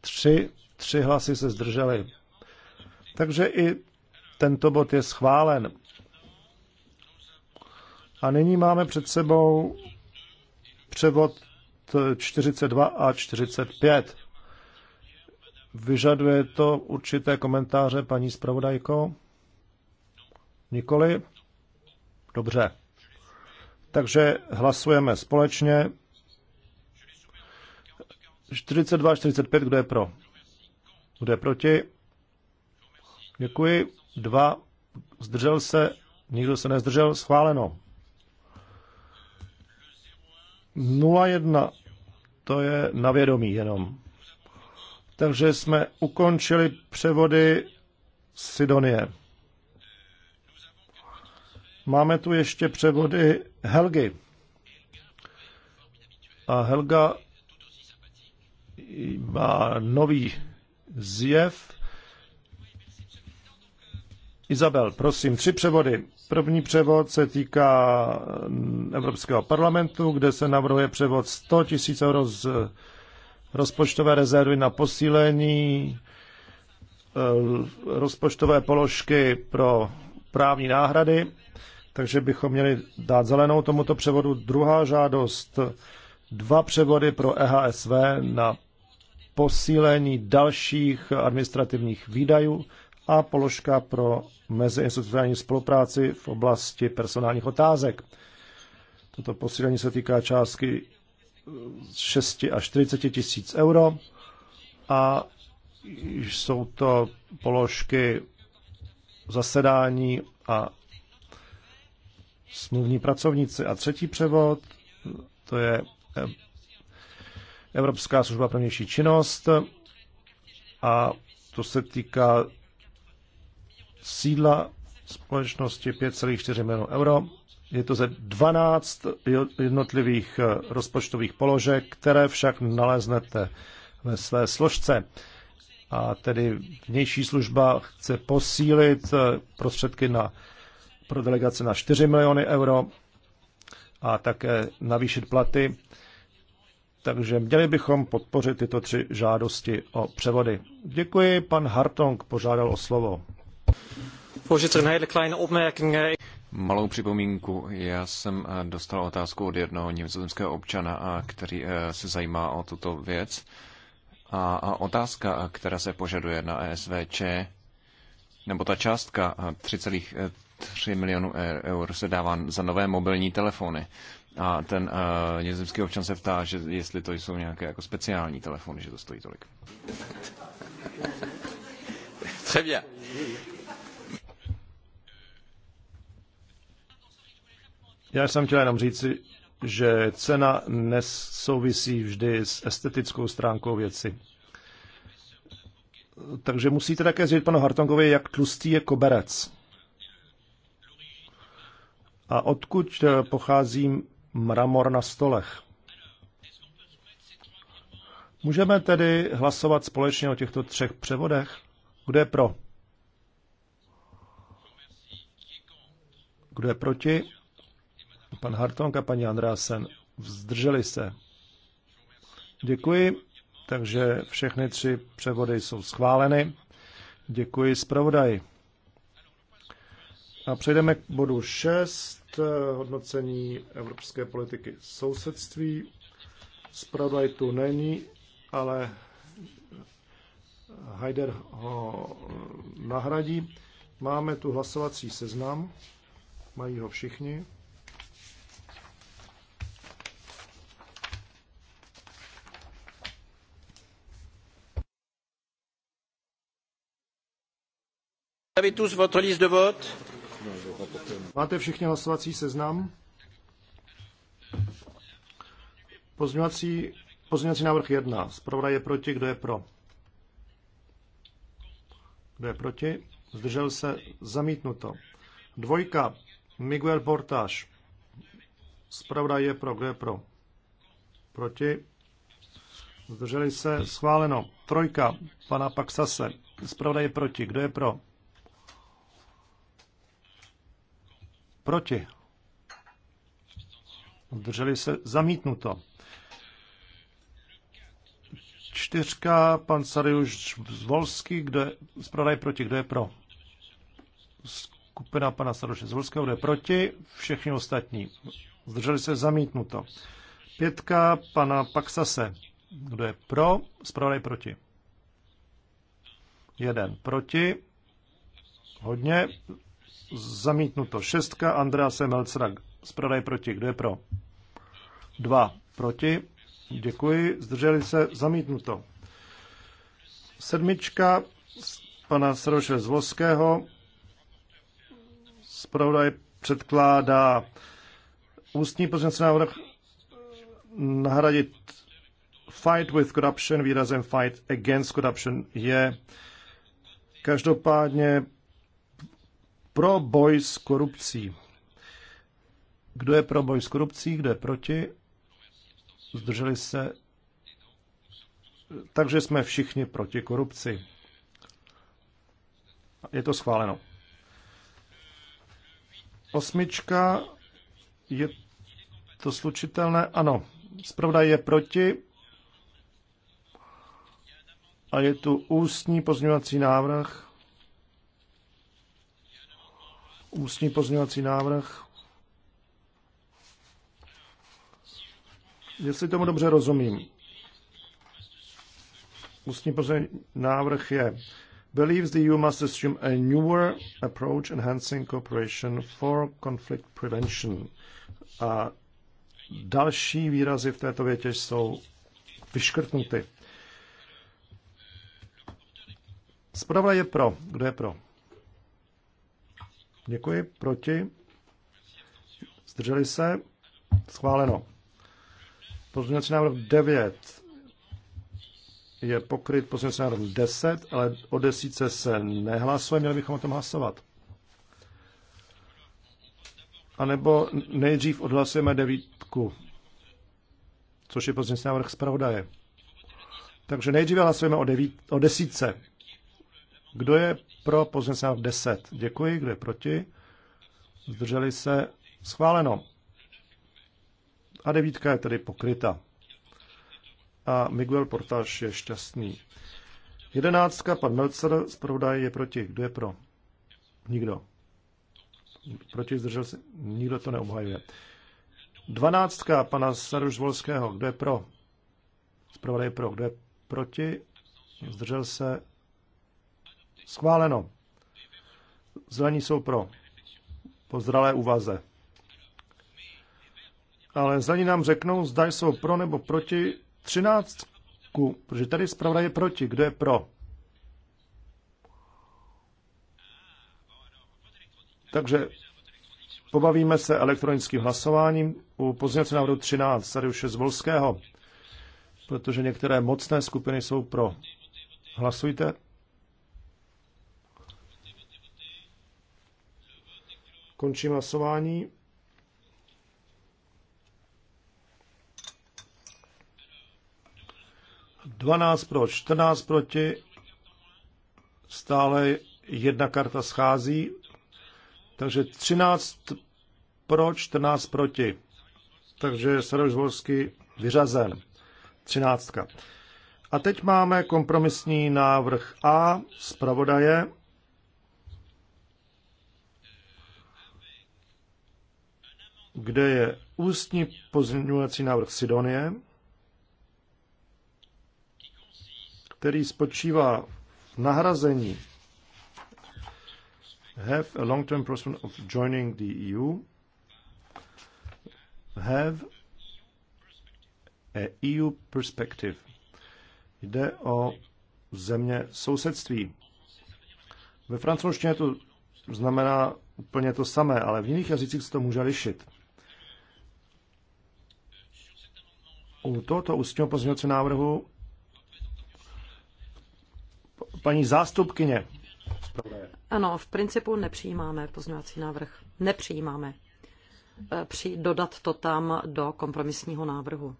Tři, tři hlasy se zdrželi. Takže i tento bod je schválen. A nyní máme před sebou převod 42 a 45. Vyžaduje to určité komentáře paní zpravodajko? Nikoli? Dobře. Takže hlasujeme společně. 42 a 45, kdo je pro? Kdo je proti? Děkuji. Dva. Zdržel se. Nikdo se nezdržel. Schváleno. 01, to je na vědomí jenom. Takže jsme ukončili převody Sidonie. Máme tu ještě převody Helgy. A Helga má nový zjev. Izabel, prosím, tři převody. První převod se týká mm, Evropského parlamentu, kde se navrhuje převod 100 000 euro z rozpočtové rezervy na posílení eh, rozpočtové položky pro právní náhrady, takže bychom měli dát zelenou tomuto převodu. Druhá žádost, dva převody pro EHSV na posílení dalších administrativních výdajů a položka pro meziinstitucionální spolupráci v oblasti personálních otázek. Toto posílení se týká částky 6 až 40 tisíc euro a jsou to položky zasedání a smluvní pracovníci. A třetí převod, to je Evropská služba pro činnost a to se týká sídla společnosti 5,4 milionů euro. Je to ze 12 jednotlivých eh, rozpočtových položek, které však naleznete ve své složce. A tedy vnější služba chce posílit eh, prostředky na, pro delegace na 4 miliony euro a také navýšit platy. Takže měli bychom podpořit tyto tři žádosti o převody. Děkuji, pan Hartong požádal o slovo. Voorzitter, een hele kleine opmerking. Eh, Malou připomínku. Já jsem eh, dostal otázku od jednoho nizozemského občana, eh, který se zajímá o tuto věc. A otázka, která se požaduje na ESVČ, nebo ta částka 3,3 milionů e, eur se dává za nové mobilní telefony. A ten nizozemský občan se ptá, že jestli to jsou nějaké jako speciální telefony, že to stojí tolik. Très bien. Já jsem chtěl jenom říci, že cena nesouvisí vždy s estetickou stránkou věci. Takže musíte také říct panu Hartongovi, jak tlustý je koberec. A odkud eh, pochází mramor na stolech? Můžeme tedy hlasovat společně o těchto třech převodech? Kdo je pro? Kdo je proti? Pan Hartong a paní Andrásen vzdrželi se. Děkuji, takže všechny tři převody jsou schváleny. Děkuji zpravodaji. A přejdeme k bodu 6, hodnocení evropské politiky sousedství. Zpravodaj tu není, ale Haider ho nahradí. Máme tu hlasovací seznam, mají ho všichni. Máte všichni hlasovací seznam? Pozměňovací, pozměňovací návrh 1. Zpravodaj je proti, kdo je pro? Kdo je proti? Zdržel se zamítnuto. Dvojka. Miguel Portáš. Zpravodaj je pro, kdo je pro? Proti? Zdrželi se schváleno. Trojka. Pana Paxase. Zpravodaj je proti, kdo je pro? Proti. Zdrželi se zamítnuto. Čtyřka, pan Sariuš Zvolský, kdo je, zpravodaj proti, kdo je pro? Skupina pana Saroše Zvolského, kdo je proti? Všichni ostatní. Zdrželi se zamítnuto. Pětka, pana Paxase, kdo je pro? Zpravodaj proti. Jeden proti. Hodně. Zamítnuto šestka Andrease Melcera. Zpravodaj proti. Kdo je pro? Dva proti. Děkuji. Zdrželi se. Zamítnuto. Sedmička pana z Voského Zpravodaj předkládá ústní pozměnce návrh nahradit fight with corruption výrazem fight against corruption je každopádně pro boj s korupcí. Kdo je pro boj s korupcí, kdo je proti? Zdrželi se. Takže jsme všichni proti korupci. Je to schváleno. Osmička, je to slučitelné? Ano. Zpravda je proti. A je tu ústní pozměňovací návrh ústní pozměňovací návrh. Jestli tomu dobře rozumím, ústní pozměňovací návrh je believes the EU must assume a newer approach enhancing cooperation for conflict prevention. A další výrazy v této větě jsou vyškrtnuty. Zpravodaj je pro. Kdo je pro? Děkuji. Proti? Zdrželi se? Schváleno. Pozměňovací návrh 9 je pokryt pozměňovací návrh 10, ale o desíce se nehlasuje, měli bychom o tom hlasovat. A nebo nejdřív odhlasujeme devítku, což je pozměňovací návrh zpravodaje. Takže nejdříve hlasujeme o, devít, o desítce. Kdo je pro pozměňovací návrh 10? Děkuji. Kdo je proti? Zdrželi se? Schváleno. A devítka je tedy pokryta. A Miguel Portáš je šťastný. Jedenáctka, pan Melcer, zpravodaj je proti. Kdo je pro? Nikdo. Proti zdržel se? Nikdo to neobhajuje. Dvanáctka, pana Saruš Volského. Kdo je pro? Zpravodaj je pro. Kdo je proti? Zdržel se? Schváleno. Zelení jsou pro. Po zralé úvaze. Ale zelení nám řeknou, zda jsou pro nebo proti třináctku, protože tady zpravda je proti. Kdo je pro? Takže pobavíme se elektronickým hlasováním u pozměnce návrhu 13, tady už je z Volského, protože některé mocné skupiny jsou pro. Hlasujte, Končím hlasování. Dvanáct pro, čtrnáct proti. Stále jedna karta schází. Takže 13 pro, 14 proti. Takže Saroš Volsky vyřazen. 13. A teď máme kompromisní návrh A zpravodaje. kde je ústní pozměňovací návrh Sidonie, který spočívá v nahrazení have a long-term prospect of joining the EU, have a EU perspective. Jde o země sousedství. Ve francouzštině to znamená úplně to samé, ale v jiných jazycích se to může lišit. U tohoto ústního pozměňovacího návrhu paní zástupkyně. Ano, v principu nepřijímáme pozměňovací návrh. Nepřijímáme. Eh, při dodat to tam do kompromisního návrhu.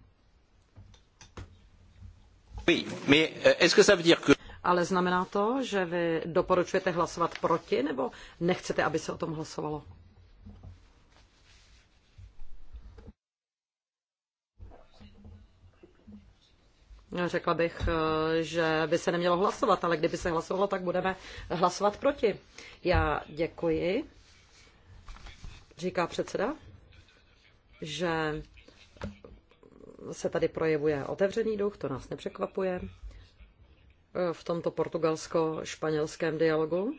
Eh, Ale znamená to, že vy doporučujete hlasovat proti, nebo nechcete, aby se o tom hlasovalo? Řekla bych, eh, že by se nemělo hlasovat, ale kdyby se hlasovalo, tak budeme hlasovat proti. Já děkuji, říká předseda, že se tady projevuje otevřený duch, to nás nepřekvapuje v tomto portugalsko-španělském dialogu.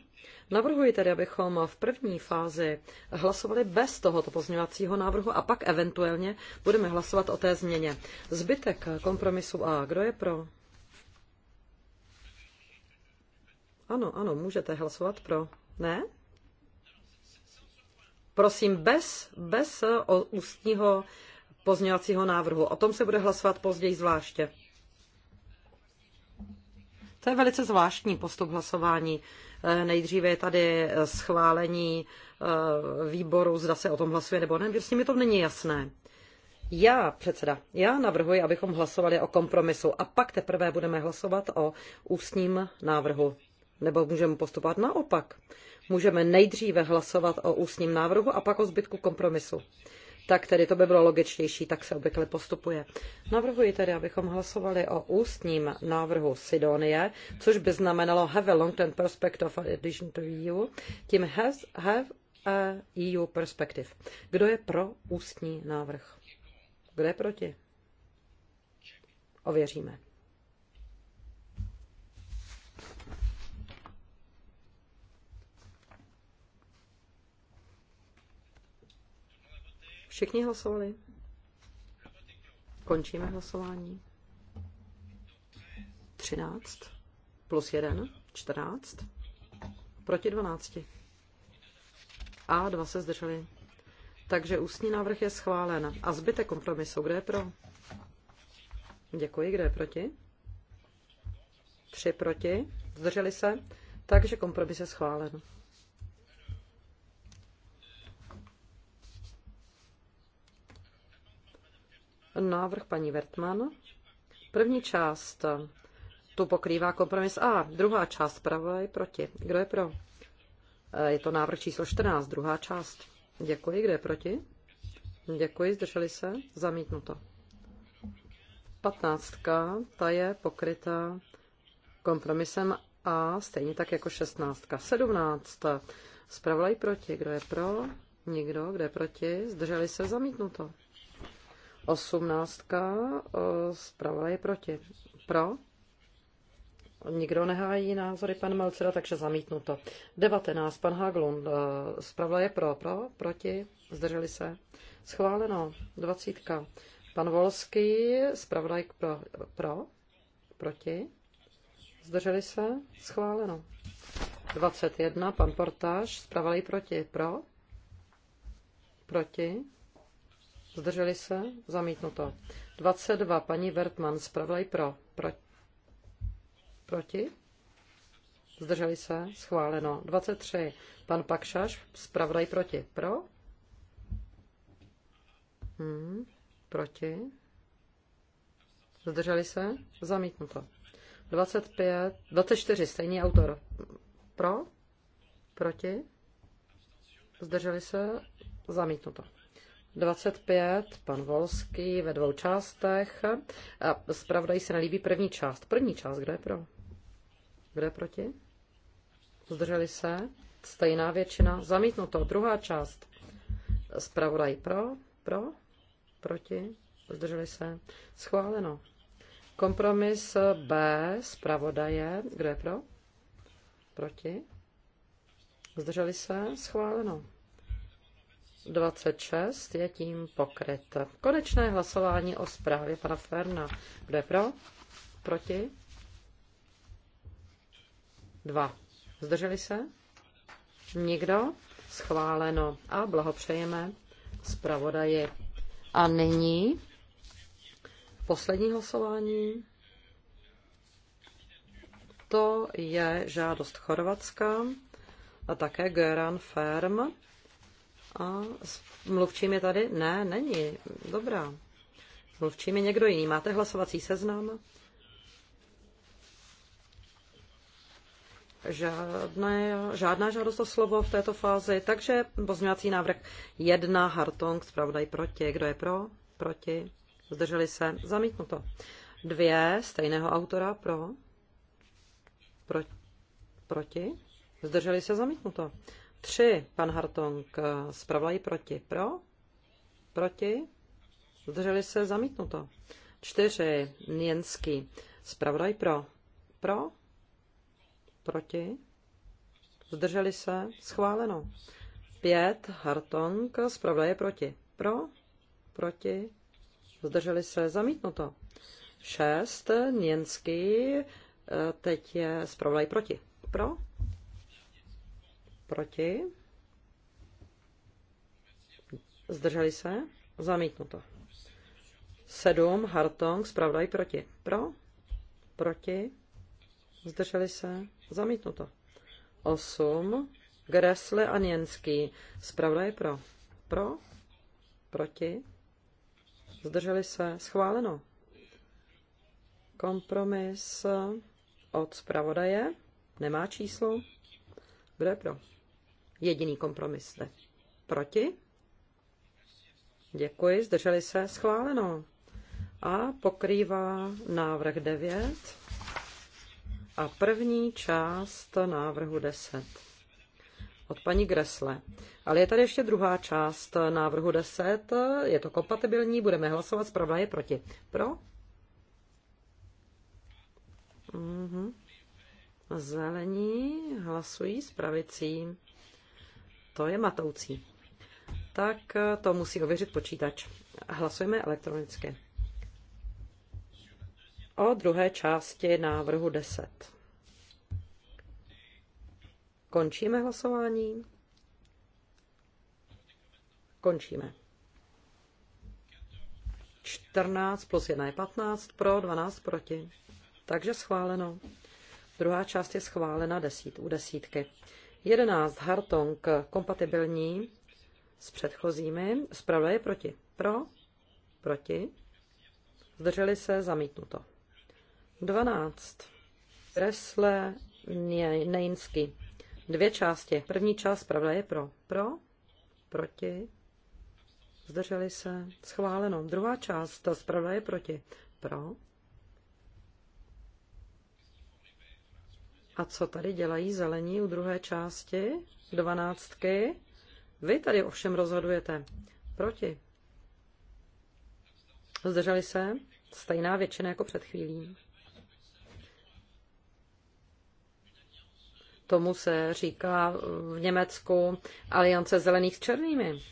Navrhuji tedy, abychom v první fázi hlasovali bez tohoto pozměňovacího návrhu a pak eventuálně budeme hlasovat o té změně. Zbytek kompromisu A. Kdo je pro? Ano, ano, můžete hlasovat pro. Ne? Prosím, bez, bez ústního pozměňovacího návrhu. O tom se bude hlasovat později zvláště. To je velice zvláštní postup hlasování. Eh, nejdříve je tady schválení eh, výboru, zda se o tom hlasuje nebo ne, s nimi to není jasné. Já, předseda, já navrhuji, abychom hlasovali o kompromisu a pak teprve budeme hlasovat o ústním návrhu. Nebo můžeme postupovat naopak. Můžeme nejdříve hlasovat o ústním návrhu a pak o zbytku kompromisu tak tedy to by bylo logičtější, tak se obvykle postupuje. Navrhuji tedy, abychom hlasovali o ústním návrhu Sidonie, což by znamenalo have a long-term perspective in addition to EU, tím has, have a EU perspective. Kdo je pro ústní návrh? Kdo je proti? Ověříme. Všichni hlasovali? Končíme hlasování. 13 plus 1, 14 proti 12. A dva se zdrželi. Takže ústní návrh je schválen. A zbytek kompromisu, kde je pro? Děkuji, kde je proti? Tři proti, zdrželi se, takže kompromis je schválen. návrh paní Vertman. První část tu pokrývá kompromis A. Druhá část pravo je proti. Kdo je pro? Je to návrh číslo 14, druhá část. Děkuji. Kdo je proti? Děkuji. Zdrželi se? Zamítnuto. Patnáctka, ta je pokryta kompromisem A, stejně tak jako šestnáctka. Sedmnáct. Zpravodaj proti. Kdo je pro? Nikdo. Kdo je proti? Zdrželi se? Zamítnuto. Osmnáctka, eh, zprava je proti. Pro? Nikdo nehájí názory pan Melcera, takže zamítnu to. 19. Pan Haglund. Eh, Zpravda je pro. Pro? Proti? Zdrželi se? Schváleno. 20. Pan Volský. je pro. Pro? Proti? Zdrželi se? Schváleno. 21. Pan Portáž. je proti. Pro? Proti? Zdrželi se? Zamítnuto. 22. Paní Vertman, zpravodaj pro. pro. Proti? Zdrželi se? Schváleno. 23. Pan Pakšaš, zpravodaj proti. Pro? Hmm. Proti? Zdrželi se? Zamítnuto. 25, 24, stejný autor. Pro? Proti? Zdrželi se? Zamítnuto. 25, pan Volský ve dvou částech. A zpravodaj se nelíbí první část. První část, kdo je pro? Kdo je proti? Zdrželi se? Stejná většina. Zamítnuto. Druhá část. Zpravodaj pro? Pro? Proti? Zdrželi se? Schváleno. Kompromis B zpravodaje. Kdo je pro? Proti? Zdrželi se? Schváleno. 26 je tím pokryt. Konečné hlasování o zprávě pana Ferna. Kdo je pro? Proti? Dva. Zdrželi se? Nikdo? Schváleno. A blahopřejeme zpravodaji. A nyní poslední hlasování. To je žádost Chorvatska a také Göran Ferm a mluvčím je tady? Ne, není. Dobrá. Mluvčím je někdo jiný. Máte hlasovací seznam? Žádné, žádná žádost o slovo v této fázi, takže pozměňovací návrh 1, Hartong, zpravodaj proti. Kdo je pro? Proti. Zdrželi se? Zamítnuto. Dvě, stejného autora, pro? pro proti. Zdrželi se? Zamítnuto. 3, pan Hartong, eh, zpravlají proti. Pro? Proti? Zdrželi se zamítnuto. 4, Nienský, zpravodaj pro. Pro? Proti? Zdrželi se? Schváleno. 5, Hartong, zpravodaj proti. Pro? Proti? Zdrželi se? Zamítnuto. 6, Nienský, eh, teď je zpravodaj proti. Pro? Proti? Zdrželi se? Zamítnuto. Sedm, Hartong, zpravdaj proti. Pro? Proti? Zdrželi se? Zamítnuto. Osm, Gresle a Něnský. Zpravdaj pro. Pro? Proti? Zdrželi se? Schváleno. Kompromis od zpravodaje. Nemá číslo. Kdo je pro? Jediný kompromis jste proti. Děkuji, zdrželi se, schváleno. A pokrývá návrh 9 a první část návrhu 10 od paní Gresle. Ale je tady ještě druhá část návrhu 10, je to kompatibilní, budeme hlasovat, zpravda je proti. Pro? Mhm. Zelení hlasují s pravicí to je matoucí. Tak to musí ověřit počítač. Hlasujeme elektronicky. O druhé části návrhu 10. Končíme hlasování. Končíme. 14 plus 1 je 15, pro 12 proti. Takže schváleno. Druhá část je schválena desít, u desítky. 11 Hartong kompatibilní s předchozími. Zpravodaj je proti. Pro? Proti? Zdrželi se zamítnuto. 12. Resle Nejnsky. Dvě části. První část pravda je pro. Pro? Proti? Zdrželi se. Schváleno. Druhá část. Zpravda je proti. Pro? A co tady dělají zelení u druhé části? Dvanáctky. Vy tady ovšem rozhodujete. Proti. Zdrželi se? Stejná většina jako před chvílí. Tomu se říká v Německu aliance zelených s černými.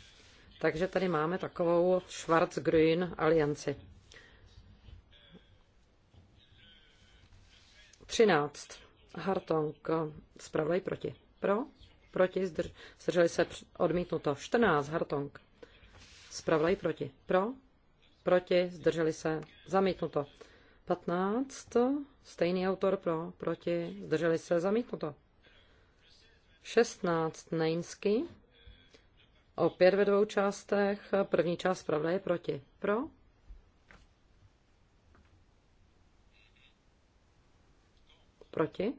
Takže tady máme takovou Schwarz-Grün alianci. 13. Hartong, zpravodaj proti. Pro? Proti, zdrželi se odmítnuto. 14, Hartong. Zpravodaj proti. Pro? Proti, zdrželi se zamítnuto. 15, stejný autor pro, proti, zdrželi se zamítnuto. 16, Nejnsky. Opět ve dvou částech. První část pravda je proti. Pro? Proti?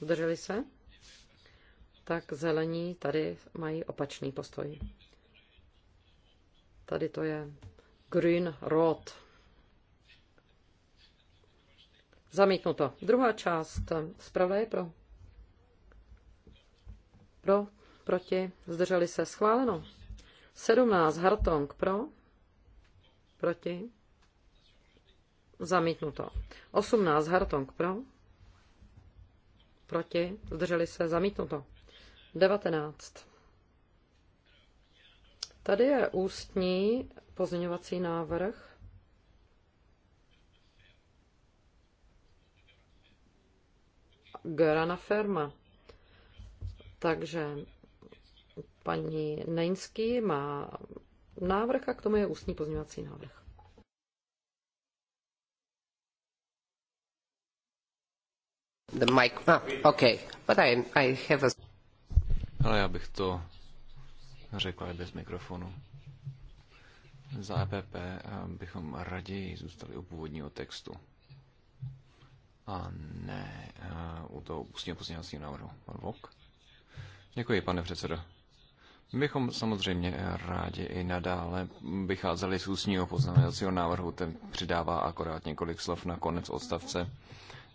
Zdrželi se? Tak zelení tady mají opačný postoj. Tady to je Green Road. Zamítnuto. Druhá část. Zprava je pro. Pro, proti, zdrželi se, schváleno. 17. Hartong pro, proti, zamítnuto. 18. Hartong pro, Proti? Zdrželi se? Zamítnuto. 19. Tady je ústní pozměňovací návrh. Gerana Ferma. Takže paní Nejnský má návrh a k tomu je ústní pozměňovací návrh. The mic. Ah, okay. But I, I have a... Ale já bych to řekl i bez mikrofonu. Za EPP eh, bychom raději zůstali u původního textu. A ne eh, u toho ústního pozměňovacího návrhu. Pan Vok? Děkuji, pane předsedo. My bychom samozřejmě eh, rádi i nadále vycházeli z ústního poznávacího návrhu, ten přidává akorát několik slov na konec odstavce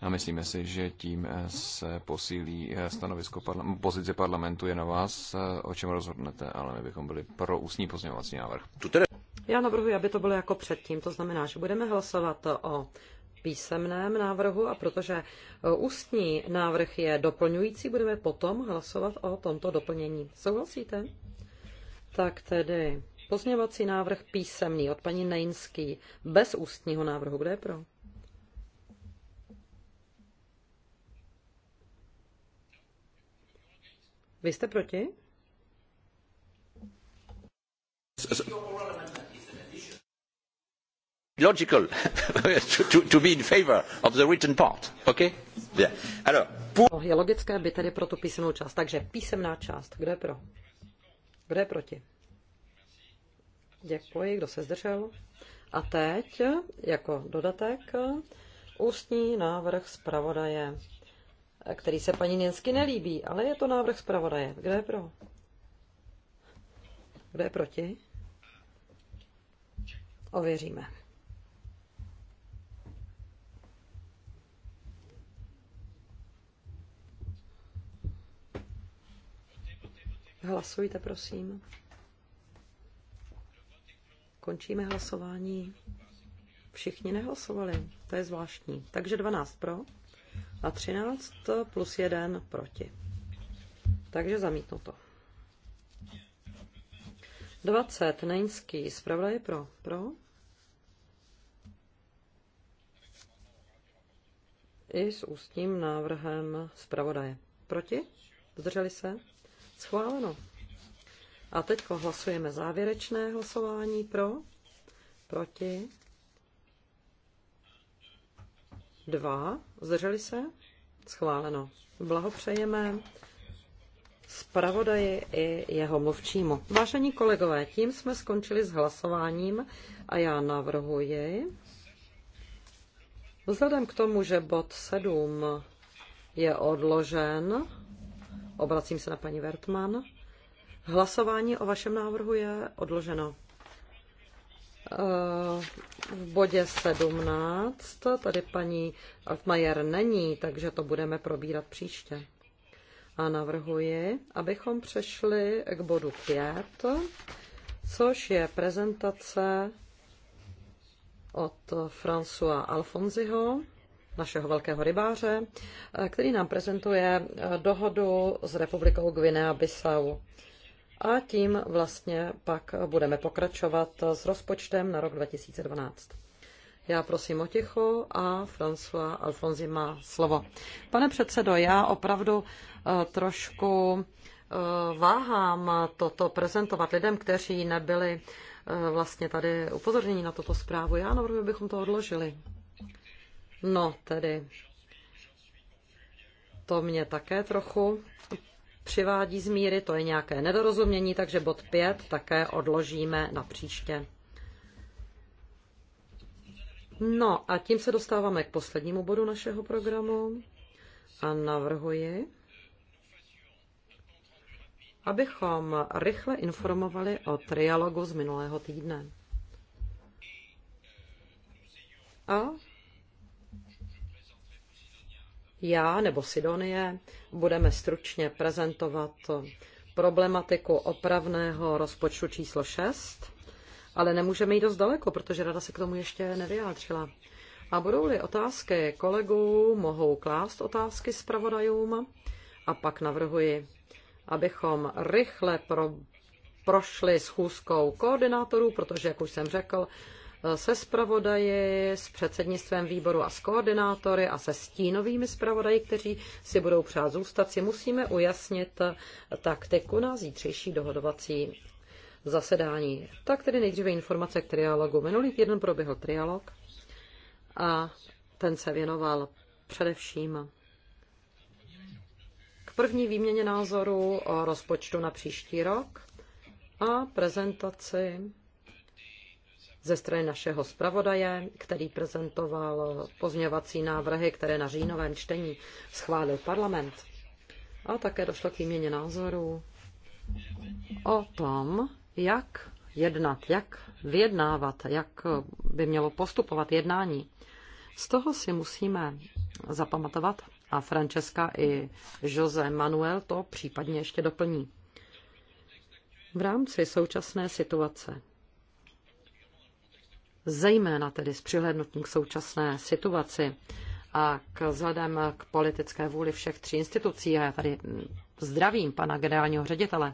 a myslíme si, že tím eh, se posílí eh, stanovisko parla- pozice parlamentu je na vás, eh, o čem rozhodnete, ale my bychom byli pro ústní pozměňovací návrh. Já navrhuji, aby to bylo jako předtím, to znamená, že budeme hlasovat o písemném návrhu a protože ústní návrh je doplňující, budeme potom hlasovat o tomto doplnění. Souhlasíte? Tak tedy pozměňovací návrh písemný od paní Nejnský bez ústního návrhu. Kde je pro? Vy jste proti? Logical to, to, be in favor of the written part, okay? Yeah. Alors, pour... Je logické by tedy pro tu písemnou část. Takže písemná část. Kdo je pro? Kdo je proti? Děkuji. Kdo se zdržel? A teď, jako dodatek, ústní návrh zpravodaje který se paní Něnsky nelíbí, ale je to návrh zpravodaje. Kdo je pro? Kdo je proti? Ověříme. Hlasujte, prosím. Končíme hlasování. Všichni nehlasovali, to je zvláštní. Takže 12 pro a 13 plus 1 proti. Takže zamítnu to. 20. Nejnský. Zpravodaj pro. Pro. I s ústním návrhem zpravodaje. Proti? Zdrželi se? Schváleno. A teď hlasujeme závěrečné hlasování pro, proti, 2. Zdrželi se? Schváleno. Blahopřejeme zpravodaji i jeho mluvčímu. Vážení kolegové, tím jsme skončili s hlasováním a já navrhuji, vzhledem k tomu, že bod 7 je odložen, obracím se na paní Vertman, hlasování o vašem návrhu je odloženo v bodě 17. Tady paní Altmajer není, takže to budeme probírat příště. A navrhuji, abychom přešli k bodu 5, což je prezentace od François Alfonziho, našeho velkého rybáře, který nám prezentuje dohodu s republikou Guinea-Bissau a tím vlastně pak budeme pokračovat s rozpočtem na rok 2012. Já prosím o ticho a François Alfonzi má slovo. Pane předsedo, já opravdu eh, trošku eh, váhám toto prezentovat lidem, kteří nebyli eh, vlastně tady upozorněni na tuto zprávu. Já navrhuji, bychom to odložili. No, tedy to mě také trochu přivádí z míry, to je nějaké nedorozumění, takže bod 5 také odložíme na příště. No a tím se dostáváme k poslednímu bodu našeho programu a navrhuji, abychom rychle informovali o trialogu z minulého týdne. A já nebo Sidonie budeme stručně prezentovat problematiku opravného rozpočtu číslo 6, ale nemůžeme jít dost daleko, protože rada se k tomu ještě nevyjádřila. A budou-li otázky kolegů, mohou klást otázky zpravodajům a pak navrhuji, abychom rychle pro, prošli schůzkou koordinátorů, protože, jak už jsem řekl, se zpravodaji, s předsednictvem výboru a s koordinátory a se stínovými zpravodaji, kteří si budou přát zůstat, si musíme ujasnit taktiku na zítřejší dohodovací zasedání. Tak tedy nejdříve informace k trialogu. Minulý týden proběhl trialog a ten se věnoval především k první výměně názoru o rozpočtu na příští rok a prezentaci ze strany našeho zpravodaje, který prezentoval pozměňovací návrhy, které na říjnovém čtení schválil parlament. A také došlo k výměně názorů o tom, jak jednat, jak vyjednávat, jak by mělo postupovat jednání. Z toho si musíme zapamatovat a Francesca i Jose Manuel to případně ještě doplní. V rámci současné situace zejména tedy s přihlednutím k současné situaci a k vzhledem k politické vůli všech tří institucí, a já tady zdravím pana generálního ředitele,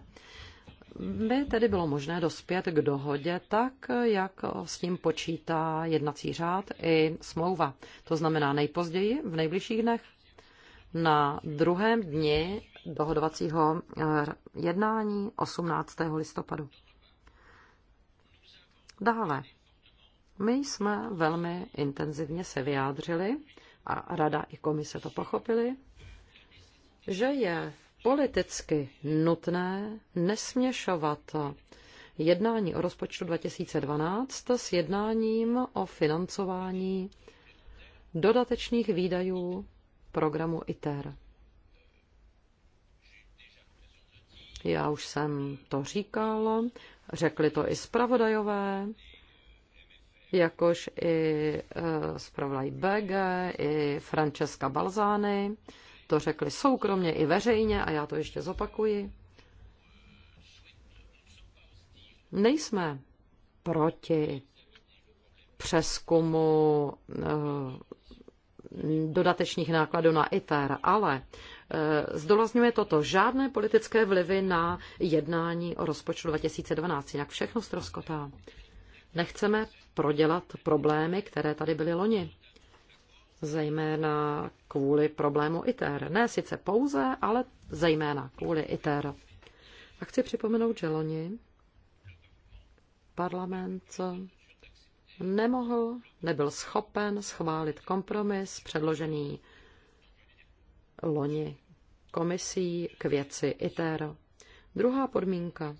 by tedy bylo možné dospět k dohodě tak, jak s tím počítá jednací řád i smlouva. To znamená nejpozději v nejbližších dnech na druhém dni dohodovacího eh, jednání 18. listopadu. Dále my jsme velmi intenzivně se vyjádřili, a rada i komise to pochopili, že je politicky nutné nesměšovat jednání o rozpočtu 2012 s jednáním o financování dodatečných výdajů programu ITER. Já už jsem to říkal, řekli to i zpravodajové jakož i e, zpravodaj BG, i Francesca Balzány. To řekli soukromně i veřejně a já to ještě zopakuji. Nejsme proti přeskumu e, dodatečných nákladů na ITER, ale e, zdolazňuje toto žádné politické vlivy na jednání o rozpočtu 2012, jinak všechno ztroskotá. Nechceme prodělat problémy, které tady byly loni. Zejména kvůli problému ITER. Ne sice pouze, ale zejména kvůli ITER. A chci připomenout, že loni parlament nemohl, nebyl schopen schválit kompromis předložený loni komisí k věci ITER. Druhá podmínka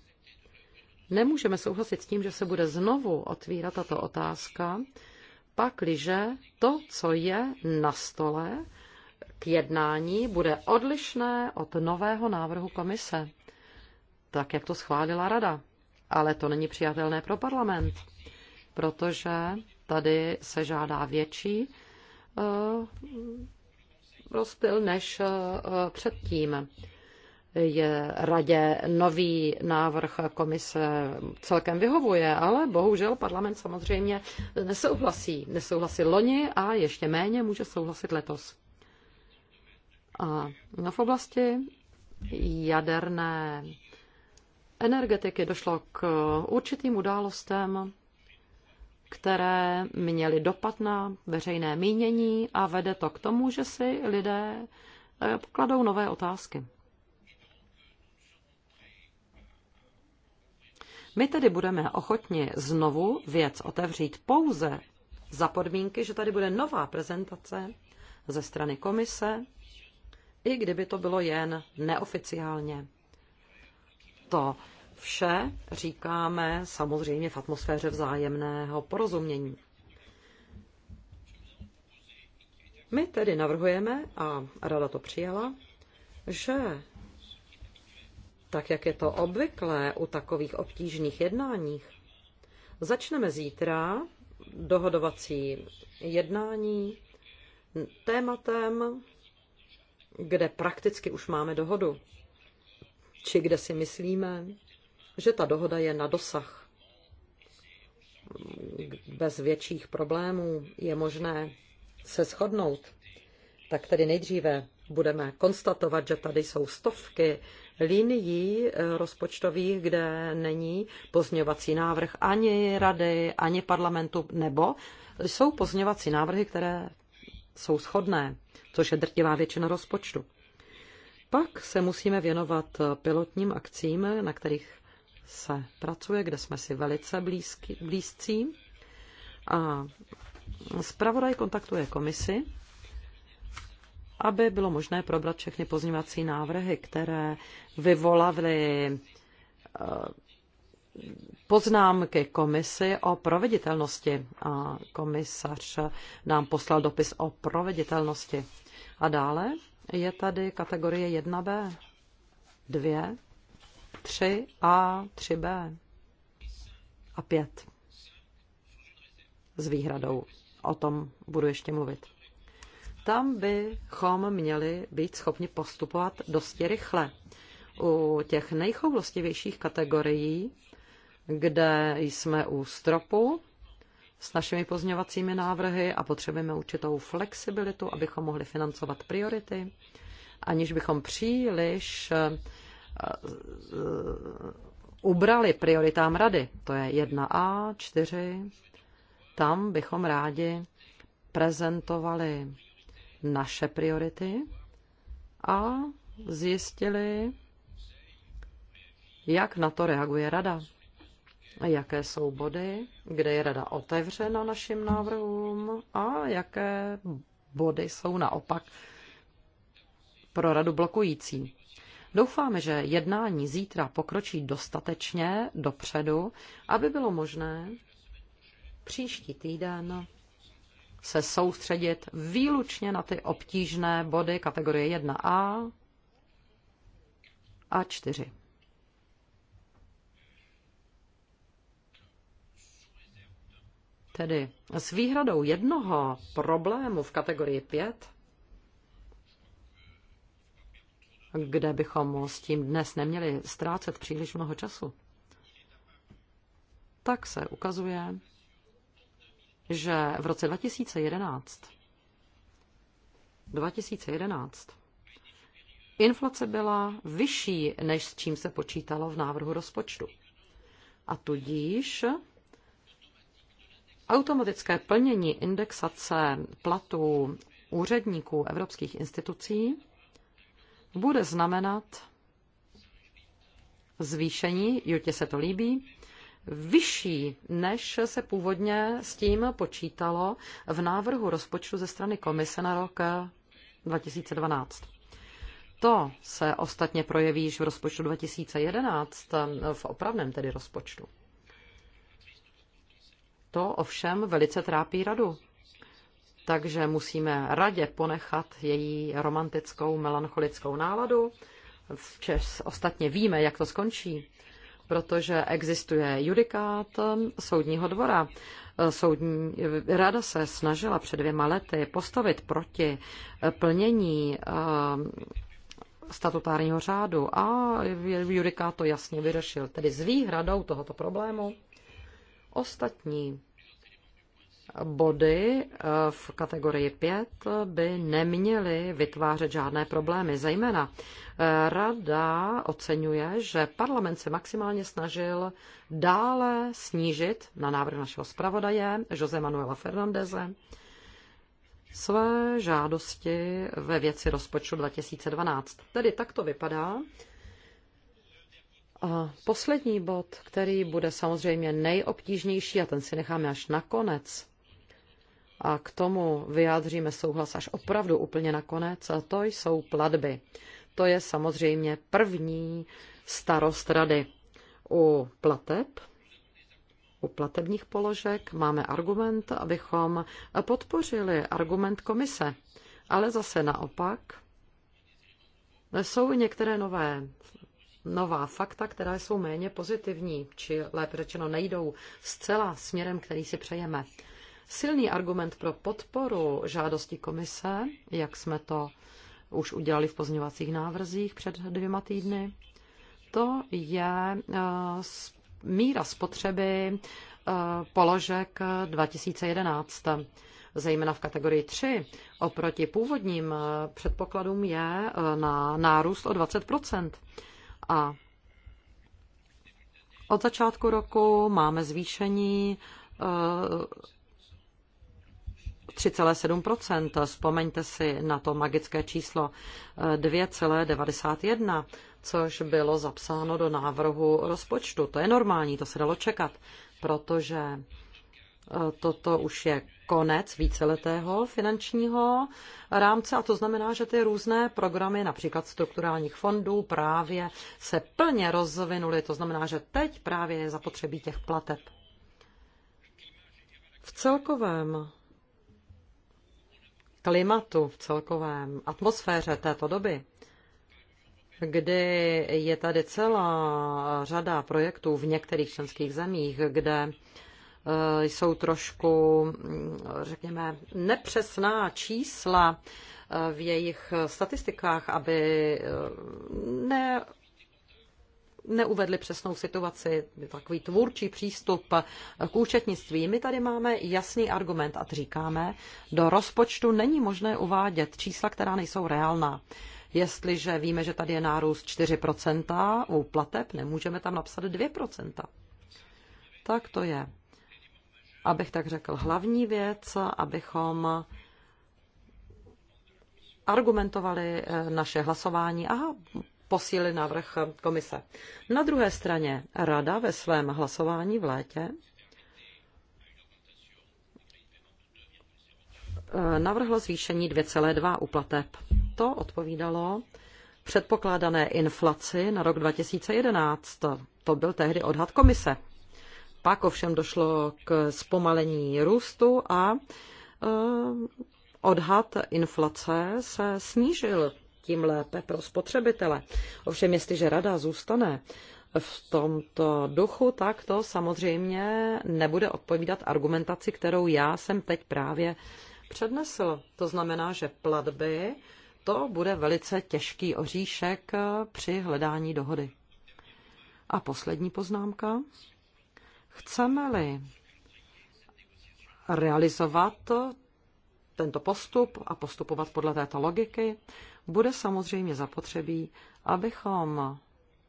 Nemůžeme souhlasit s tím, že se bude znovu otvírat tato otázka, pakliže to, co je na stole k jednání, bude odlišné od nového návrhu komise, tak jak to schválila Rada. Ale to není přijatelné pro parlament, protože tady se žádá větší uh, eh, rozpil než uh, předtím je radě nový návrh komise celkem vyhovuje, ale bohužel parlament samozřejmě nesouhlasí. Nesouhlasil loni a ještě méně může souhlasit letos. A v oblasti jaderné energetiky došlo k určitým událostem, které měly dopad na veřejné mínění a vede to k tomu, že si lidé eh, kladou nové otázky. My tedy budeme ochotně znovu věc otevřít pouze za podmínky, že tady bude nová prezentace ze strany komise, i kdyby to bylo jen neoficiálně. To vše říkáme samozřejmě v atmosféře vzájemného porozumění. My tedy navrhujeme, a rada to přijala, že tak jak je to obvyklé u takových obtížných jednáních, začneme zítra dohodovací jednání tématem, kde prakticky už máme dohodu, či kde si myslíme, že ta dohoda je na dosah. Bez větších problémů je možné se shodnout. Tak tedy nejdříve budeme konstatovat, že tady jsou stovky linií eh, rozpočtových, kde není pozměňovací návrh ani rady, ani parlamentu, nebo jsou pozměňovací návrhy, které jsou shodné, což je drtivá většina rozpočtu. Pak se musíme věnovat pilotním akcím, na kterých se pracuje, kde jsme si velice blízcí. A zpravodaj kontaktuje komisi aby bylo možné probrat všechny pozněvací návrhy, které vyvolaly eh, poznámky komisy o proveditelnosti. A komisař nám poslal dopis o proveditelnosti. A dále je tady kategorie 1b, 2, 3 a 3b a 5 s výhradou. O tom budu ještě mluvit tam bychom měli být schopni postupovat dosti rychle. U těch nejchoulostivějších kategorií, kde jsme u stropu s našimi pozňovacími návrhy a potřebujeme určitou flexibilitu, abychom mohli financovat priority, aniž bychom příliš eh, eh, ubrali prioritám rady. To je 1A, 4. Tam bychom rádi prezentovali naše priority a zjistili, jak na to reaguje rada. Jaké jsou body, kde je rada otevřena našim návrhům a jaké body jsou naopak pro radu blokující. Doufáme, že jednání zítra pokročí dostatečně dopředu, aby bylo možné příští týden se soustředit výlučně na ty obtížné body kategorie 1A a 4. Tedy s výhradou jednoho problému v kategorii 5, kde bychom s tím dnes neměli ztrácet příliš mnoho času, tak se ukazuje, že v roce 2011 2011 inflace byla vyšší, než s čím se počítalo v návrhu rozpočtu. A tudíž automatické plnění indexace platů úředníků evropských institucí bude znamenat zvýšení, Jutě se to líbí, vyšší, než se původně s tím počítalo v návrhu rozpočtu ze strany komise na rok 2012. Eh, to se ostatně projeví již v rozpočtu 2011, eh, v opravném tedy rozpočtu. To ovšem velice trápí radu. Takže musíme radě ponechat její romantickou, melancholickou náladu. Včas ostatně víme, jak to skončí protože existuje judikát soudního dvora. Soudní rada se snažila před dvěma lety postavit proti plnění eh, statutárního řádu a judikát to jasně vyřešil. Tedy s výhradou tohoto problému ostatní body eh, v kategorii 5 by neměly vytvářet žádné problémy. Zejména eh, rada oceňuje, že parlament se maximálně snažil dále snížit na návrh našeho zpravodaje Jose Manuela Fernandeze své žádosti ve věci rozpočtu 2012. Tedy tak to vypadá. A poslední bod, který bude samozřejmě nejobtížnější, a ten si necháme až na konec a k tomu vyjádříme souhlas až opravdu úplně nakonec, a to jsou platby. To je samozřejmě první starost rady. U plateb, u platebních položek máme argument, abychom podpořili argument komise. Ale zase naopak jsou některé nové nová fakta, která jsou méně pozitivní, či lépe řečeno nejdou zcela směrem, který si přejeme. Silný argument pro podporu žádosti komise, jak jsme to už udělali v pozměňovacích návrzích před dvěma týdny, to je eh, míra spotřeby eh, položek 2011 zejména v kategorii 3, oproti původním eh, předpokladům je na nárůst o 20 A od začátku roku máme zvýšení 3,7%. Vzpomeňte si na to magické číslo 2,91, eh, což bylo zapsáno do návrhu rozpočtu. To je normální, to se dalo čekat, protože eh, toto už je konec víceletého finančního rámce a to znamená, že ty různé programy, například strukturálních fondů, právě se plně rozvinuly. To znamená, že teď právě je zapotřebí těch plateb. V celkovém klimatu v celkovém atmosféře této doby, kdy je tady celá řada projektů v některých členských zemích, kde eh, jsou trošku, hm, řekněme, nepřesná čísla eh, v jejich statistikách, aby eh, ne neuvedli přesnou situaci, takový tvůrčí přístup k účetnictví. My tady máme jasný argument a říkáme, do rozpočtu není možné uvádět čísla, která nejsou reálná. Jestliže víme, že tady je nárůst 4% u plateb, nemůžeme tam napsat 2%. Tak to je, abych tak řekl, hlavní věc, abychom argumentovali eh, naše hlasování a posílil návrh komise. Na druhé straně rada ve svém hlasování v létě eh, navrhla zvýšení 2,2 u plateb. To odpovídalo předpokládané inflaci na rok 2011. To byl tehdy odhad komise. Pak ovšem došlo k zpomalení růstu a eh, odhad inflace se snížil tím lépe pro spotřebitele. Ovšem, jestliže rada zůstane v tomto duchu, tak to samozřejmě nebude odpovídat argumentaci, kterou já jsem teď právě přednesl. To znamená, že platby to bude velice těžký oříšek při hledání dohody. A poslední poznámka. Chceme-li realizovat tento postup a postupovat podle této logiky, bude samozřejmě zapotřebí, abychom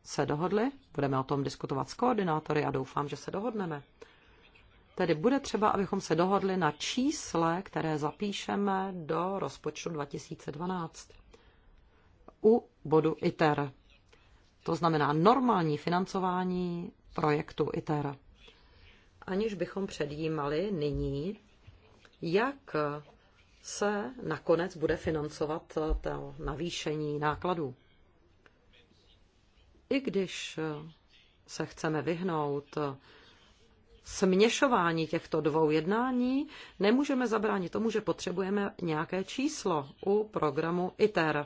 se dohodli, budeme o tom diskutovat s koordinátory a doufám, že se dohodneme. Tedy bude třeba, abychom se dohodli na čísle, které zapíšeme do rozpočtu 2012 u bodu ITER. To znamená normální financování projektu ITER. Aniž bychom předjímali nyní, jak se nakonec bude financovat eh, to navýšení nákladů. I když eh, se chceme vyhnout eh, směšování těchto dvou jednání, nemůžeme zabránit tomu, že potřebujeme nějaké číslo u programu ITER,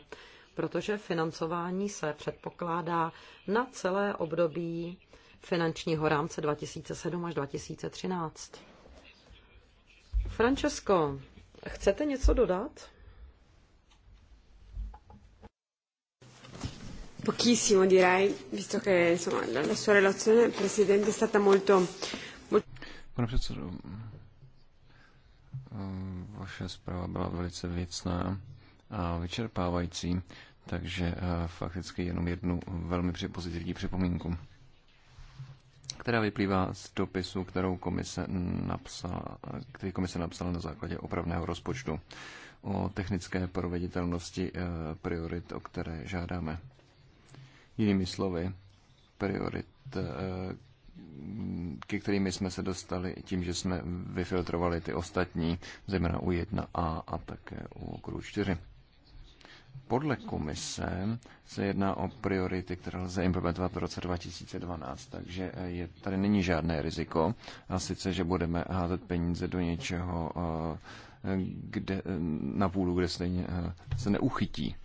protože financování se předpokládá na celé období finančního rámce 2007 až 2013. Francesco Chcete něco dodat? Pochissimo direi, visto che insomma, la, la sua relazione, Presidente, è stata molto... molto... Pane předsedo, eh, vaše zpráva byla velice věcná a vyčerpávající, takže eh, fakticky jenom jednu velmi pozitivní připomínku která vyplývá z dopisu, kterou komise napsala, který komise napsala na základě opravného rozpočtu o technické proveditelnosti eh, priorit, o které žádáme. Jinými slovy, priorit, eh, ke kterými jsme se dostali tím, že jsme vyfiltrovali ty ostatní, zejména u 1A a také u okruhu 4. Podle komise se jedná o priority, které lze implementovat v roce 2012, takže eh, je, tady není žádné riziko. A sice, že budeme házet peníze do něčeho eh, kde, eh, na půdu, kde stejně se neuchytí.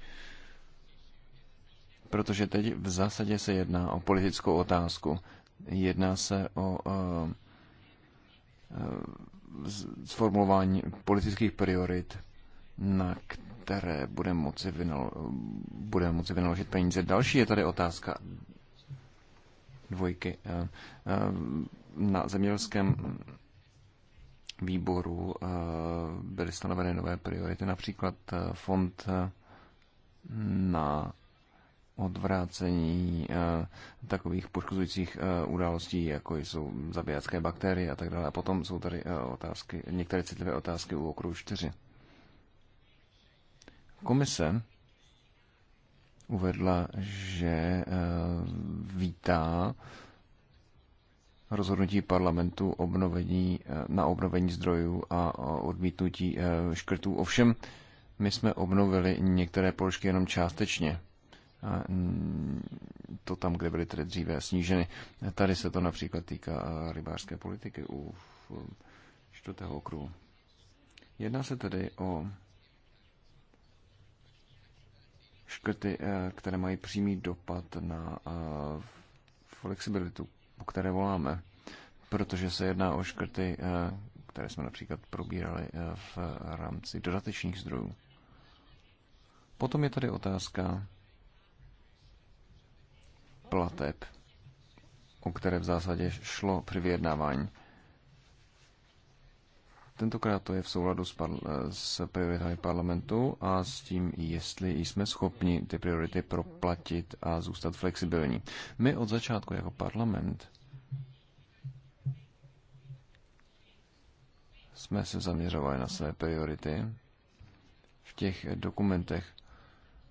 Protože teď v zásadě se jedná o politickou otázku. Jedná se o sformulování politických priorit na které bude moci, vynalo, bude moci vynaložit peníze. Další je tady otázka dvojky. Eh, eh, na zemědělském výboru eh, byly stanoveny nové priority, například fond na odvrácení takových poškozujících událostí, jako jsou zabijácké bakterie a tak dále. A potom jsou tady otázky, některé citlivé otázky u okruhu 4. Komise uvedla, že eh, vítá rozhodnutí parlamentu obnovení, eh, na obnovení zdrojů a eh, odmítnutí škrtů. Ovšem, my jsme obnovili některé položky jenom částečně. A to tam, kde byly tedy dříve sníženy. Tady se to například týká rybářské politiky u čtvrtého okruhu. Jedná se tedy o škrty, eh, které mají přímý dopad na eh, flexibilitu, o které voláme, protože se jedná o škrty, eh, které jsme například probírali v rámci dodatečných zdrojů. Potom je tady otázka plateb, o které v zásadě šlo při vyjednávání. Tentokrát to je v souladu s, par- s prioritami parlamentu a s tím, jestli jsme schopni ty priority proplatit a zůstat flexibilní. My od začátku jako parlament jsme se zaměřovali na své priority. V těch dokumentech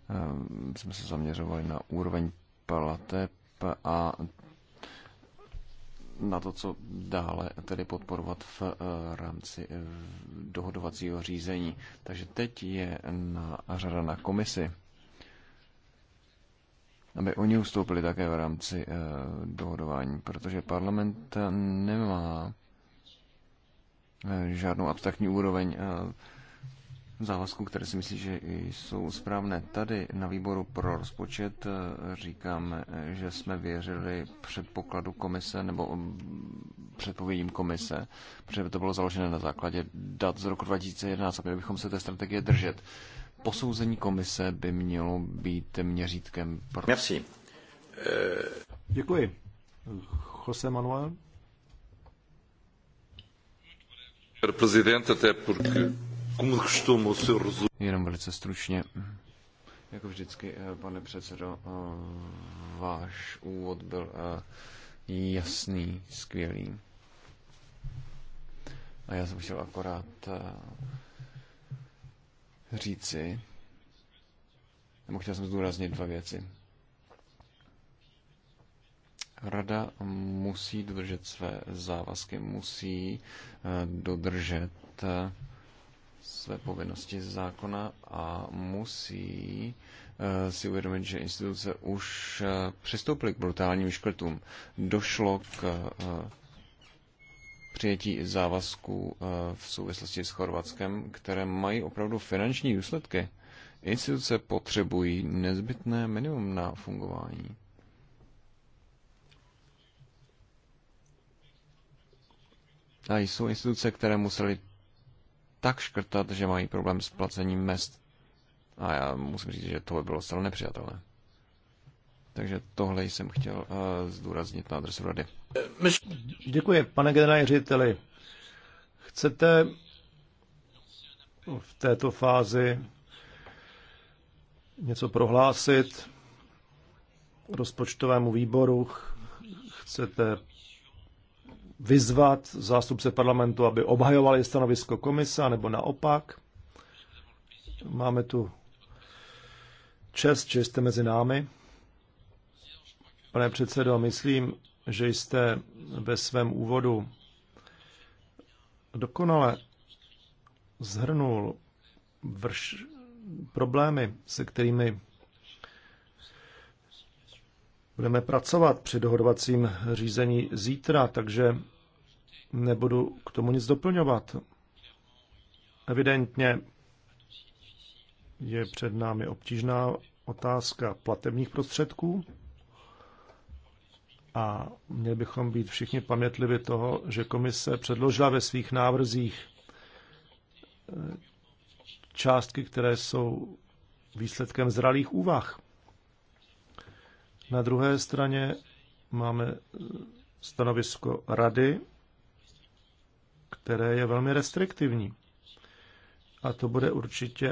eh, jsme se zaměřovali na úroveň plateb a na to, co dále tedy podporovat v eh, rámci eh, dohodovacího řízení. Takže teď je na řada na komisi, aby oni ustoupili také v rámci eh, dohodování, protože parlament nemá žádnou abstraktní úroveň závazků, které si myslí, že jsou správné. Tady na výboru pro rozpočet eh, říkáme, eh, že jsme věřili předpokladu komise nebo mm, předpovědím komise, protože to bylo založeno na základě dat z roku 2011 a měli bychom se té strategie držet. Posouzení komise by mělo být měřítkem pro... Merci. Eh. Děkuji. José Manuel? Prezident, até porque Jenom velice stručně. Jako vždycky, eh, pane předsedo, eh, váš úvod byl eh, jasný, skvělý. A já jsem chtěl akorát říci, nebo chtěl jsem zdůraznit dva věci. Rada musí dodržet své závazky, musí dodržet své povinnosti ze zákona a musí eh, si uvědomit, že instituce už eh, přistoupily k brutálním škrtům. Došlo k eh, přijetí závazků v souvislosti s Chorvatskem, které mají opravdu finanční důsledky. Instituce potřebují nezbytné minimum na fungování. A jsou instituce, které musely tak škrtat, že mají problém s placením mest. A já musím říct, že to by bylo zcela nepřijatelné. Takže tohle jsem chtěl uh, zdůraznit na adresu rady. Děkuji, pane generální řediteli. Chcete v této fázi něco prohlásit rozpočtovému výboru? Chcete vyzvat zástupce parlamentu, aby obhajovali stanovisko komise, nebo naopak. Máme tu čest, že jste mezi námi. Pane předsedo, myslím, že jste ve svém úvodu dokonale zhrnul vrš, problémy, se kterými budeme pracovat při dohodovacím řízení zítra, takže nebudu k tomu nic doplňovat. Evidentně je před námi obtížná otázka platebních prostředků a měli bychom být všichni pamětlivi toho, že komise předložila ve svých návrzích eh, částky, které jsou výsledkem zralých úvah. Na druhé straně máme stanovisko rady, které je velmi restriktivní. A to bude určitě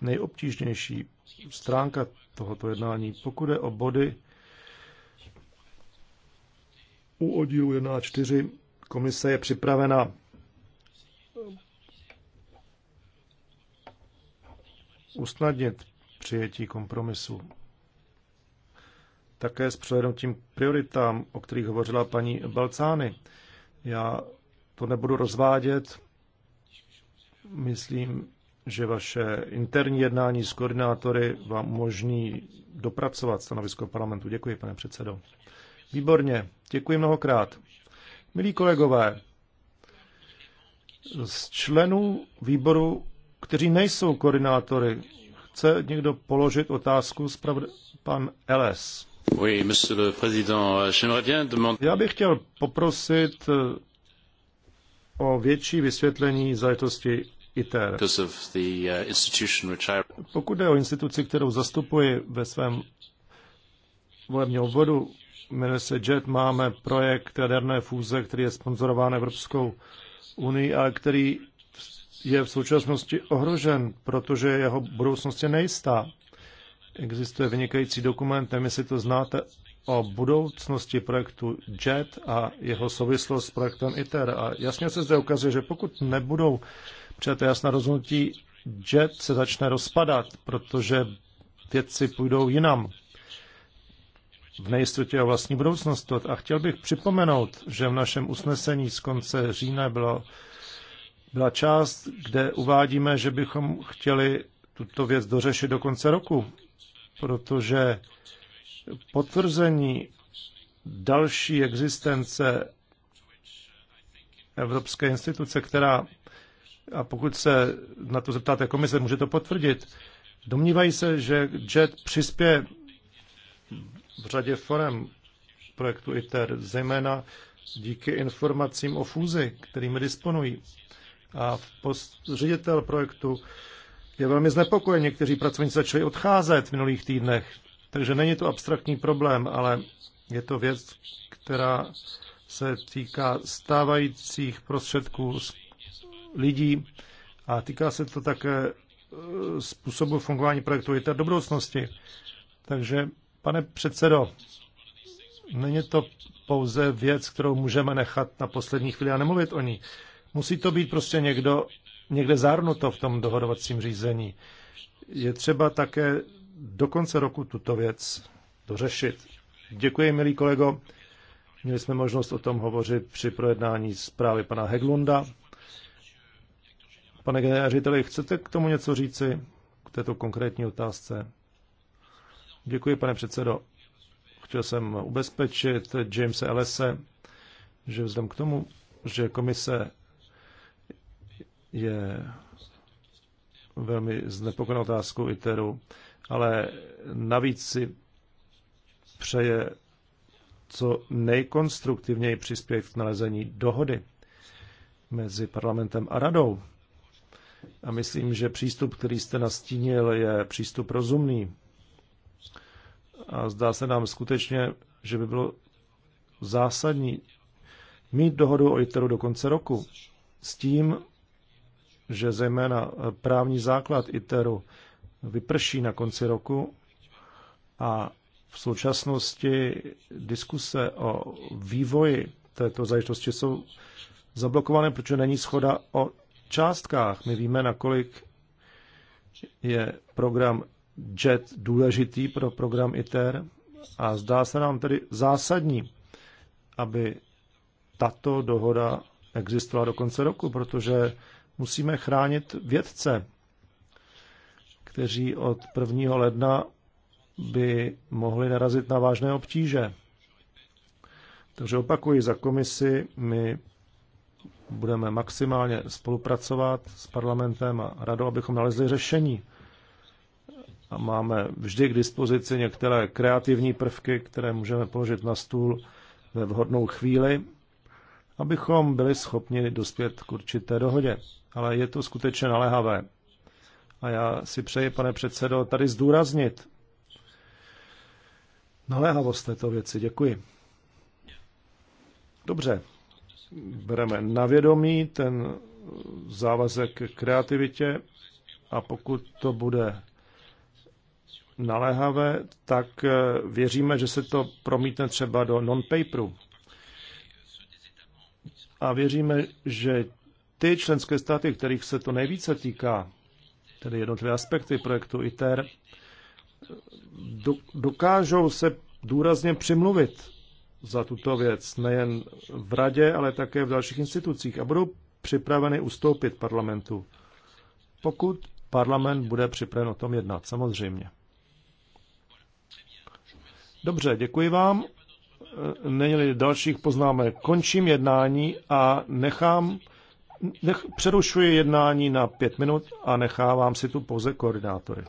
nejobtížnější stránka tohoto jednání. Pokud je o body u oddílu 1 a 4, komise je připravena usnadnit přijetí kompromisu také s přehlednutím prioritám, o kterých hovořila paní Balcány. Já to nebudu rozvádět. Myslím, že vaše interní jednání s koordinátory vám umožní dopracovat stanovisko parlamentu. Děkuji, pane předsedo. Výborně, děkuji mnohokrát. Milí kolegové, z členů výboru, kteří nejsou koordinátory, chce někdo položit otázku? Pan Ellis. Euh, Já bych chtěl poprosit eh, o větší vysvětlení zajetosti ITER. Uh, Pokud jde o instituci, kterou zastupuji ve svém volebním obvodu, jmenuje se JET, máme projekt jaderné fúze, který je sponzorován Evropskou unii a který je v současnosti ohrožen, protože jeho budoucnost je nejistá. Existuje vynikající dokument, nevím, jestli to znáte, o budoucnosti projektu JET a jeho souvislost s projektem ITER. A jasně se zde ukazuje, že pokud nebudou přijaté jasná rozhodnutí, JET se začne rozpadat, protože vědci půjdou jinam v nejistotě o vlastní budoucnost. A chtěl bych připomenout, že v našem usnesení z konce října bylo, byla část, kde uvádíme, že bychom chtěli tuto věc dořešit do konce roku protože potvrzení další existence Evropské instituce, která, a pokud se na to zeptáte komise, může to potvrdit, domnívají se, že JET přispěje v řadě forem projektu ITER, zejména díky informacím o fúzi, kterými disponují. A post, ředitel projektu je velmi znepokojen. Někteří pracovníci začali odcházet v minulých týdnech, takže není to abstraktní problém, ale je to věc, která se týká stávajících prostředků lidí a týká se to také e, způsobu fungování projektu ITER do budoucnosti. Takže, pane předsedo, není to pouze věc, kterou můžeme nechat na poslední chvíli a nemluvit o ní. Musí to být prostě někdo, někde zahrnuto v tom dohodovacím řízení. Je třeba také do konce roku tuto věc dořešit. Děkuji, milý kolego. Měli jsme možnost o tom hovořit při projednání zprávy pana Heglunda. Pane generářiteli, chcete k tomu něco říci, k této konkrétní otázce? Děkuji, pane předsedo. Chtěl jsem ubezpečit Jamese Ellese, že vzhledem k tomu, že komise je velmi znepokojenou otázkou ITERu, ale navíc si přeje co nejkonstruktivněji přispět k nalezení dohody mezi parlamentem a radou. A myslím, že přístup, který jste nastínil, je přístup rozumný. A zdá se nám skutečně, že by bylo zásadní mít dohodu o ITERu do konce roku s tím, že zejména eh, právní základ ITERu vyprší na konci roku a v současnosti diskuse o vývoji této zajištosti jsou zablokované, protože není schoda o částkách. My víme, nakolik je program JET důležitý pro program ITER a zdá se nám tedy zásadní, aby tato dohoda existovala do konce roku, protože Musíme chránit vědce, kteří od 1. ledna by mohli narazit na vážné obtíže. Takže opakuji, za komisi my budeme maximálně spolupracovat s parlamentem a radou, abychom nalezli řešení. A máme vždy k dispozici některé kreativní prvky, které můžeme položit na stůl ve vhodnou chvíli, abychom byli schopni dospět k určité dohodě ale je to skutečně naléhavé. A já si přeji, pane předsedo, tady zdůraznit naléhavost této věci. Děkuji. Dobře, bereme na vědomí ten závazek k kreativitě a pokud to bude naléhavé, tak eh, věříme, že se to promítne třeba do non-paperu. A věříme, že ty členské státy, kterých se to nejvíce týká, tedy jednotlivé aspekty projektu ITER, dokážou se důrazně přimluvit za tuto věc, nejen v radě, ale také v dalších institucích a budou připraveny ustoupit parlamentu, pokud parlament bude připraven o tom jednat, samozřejmě. Dobře, děkuji vám. Není-li dalších poznámek, končím jednání a nechám Nech, přerušuji jednání na pět minut a nechávám si tu pouze koordinátory.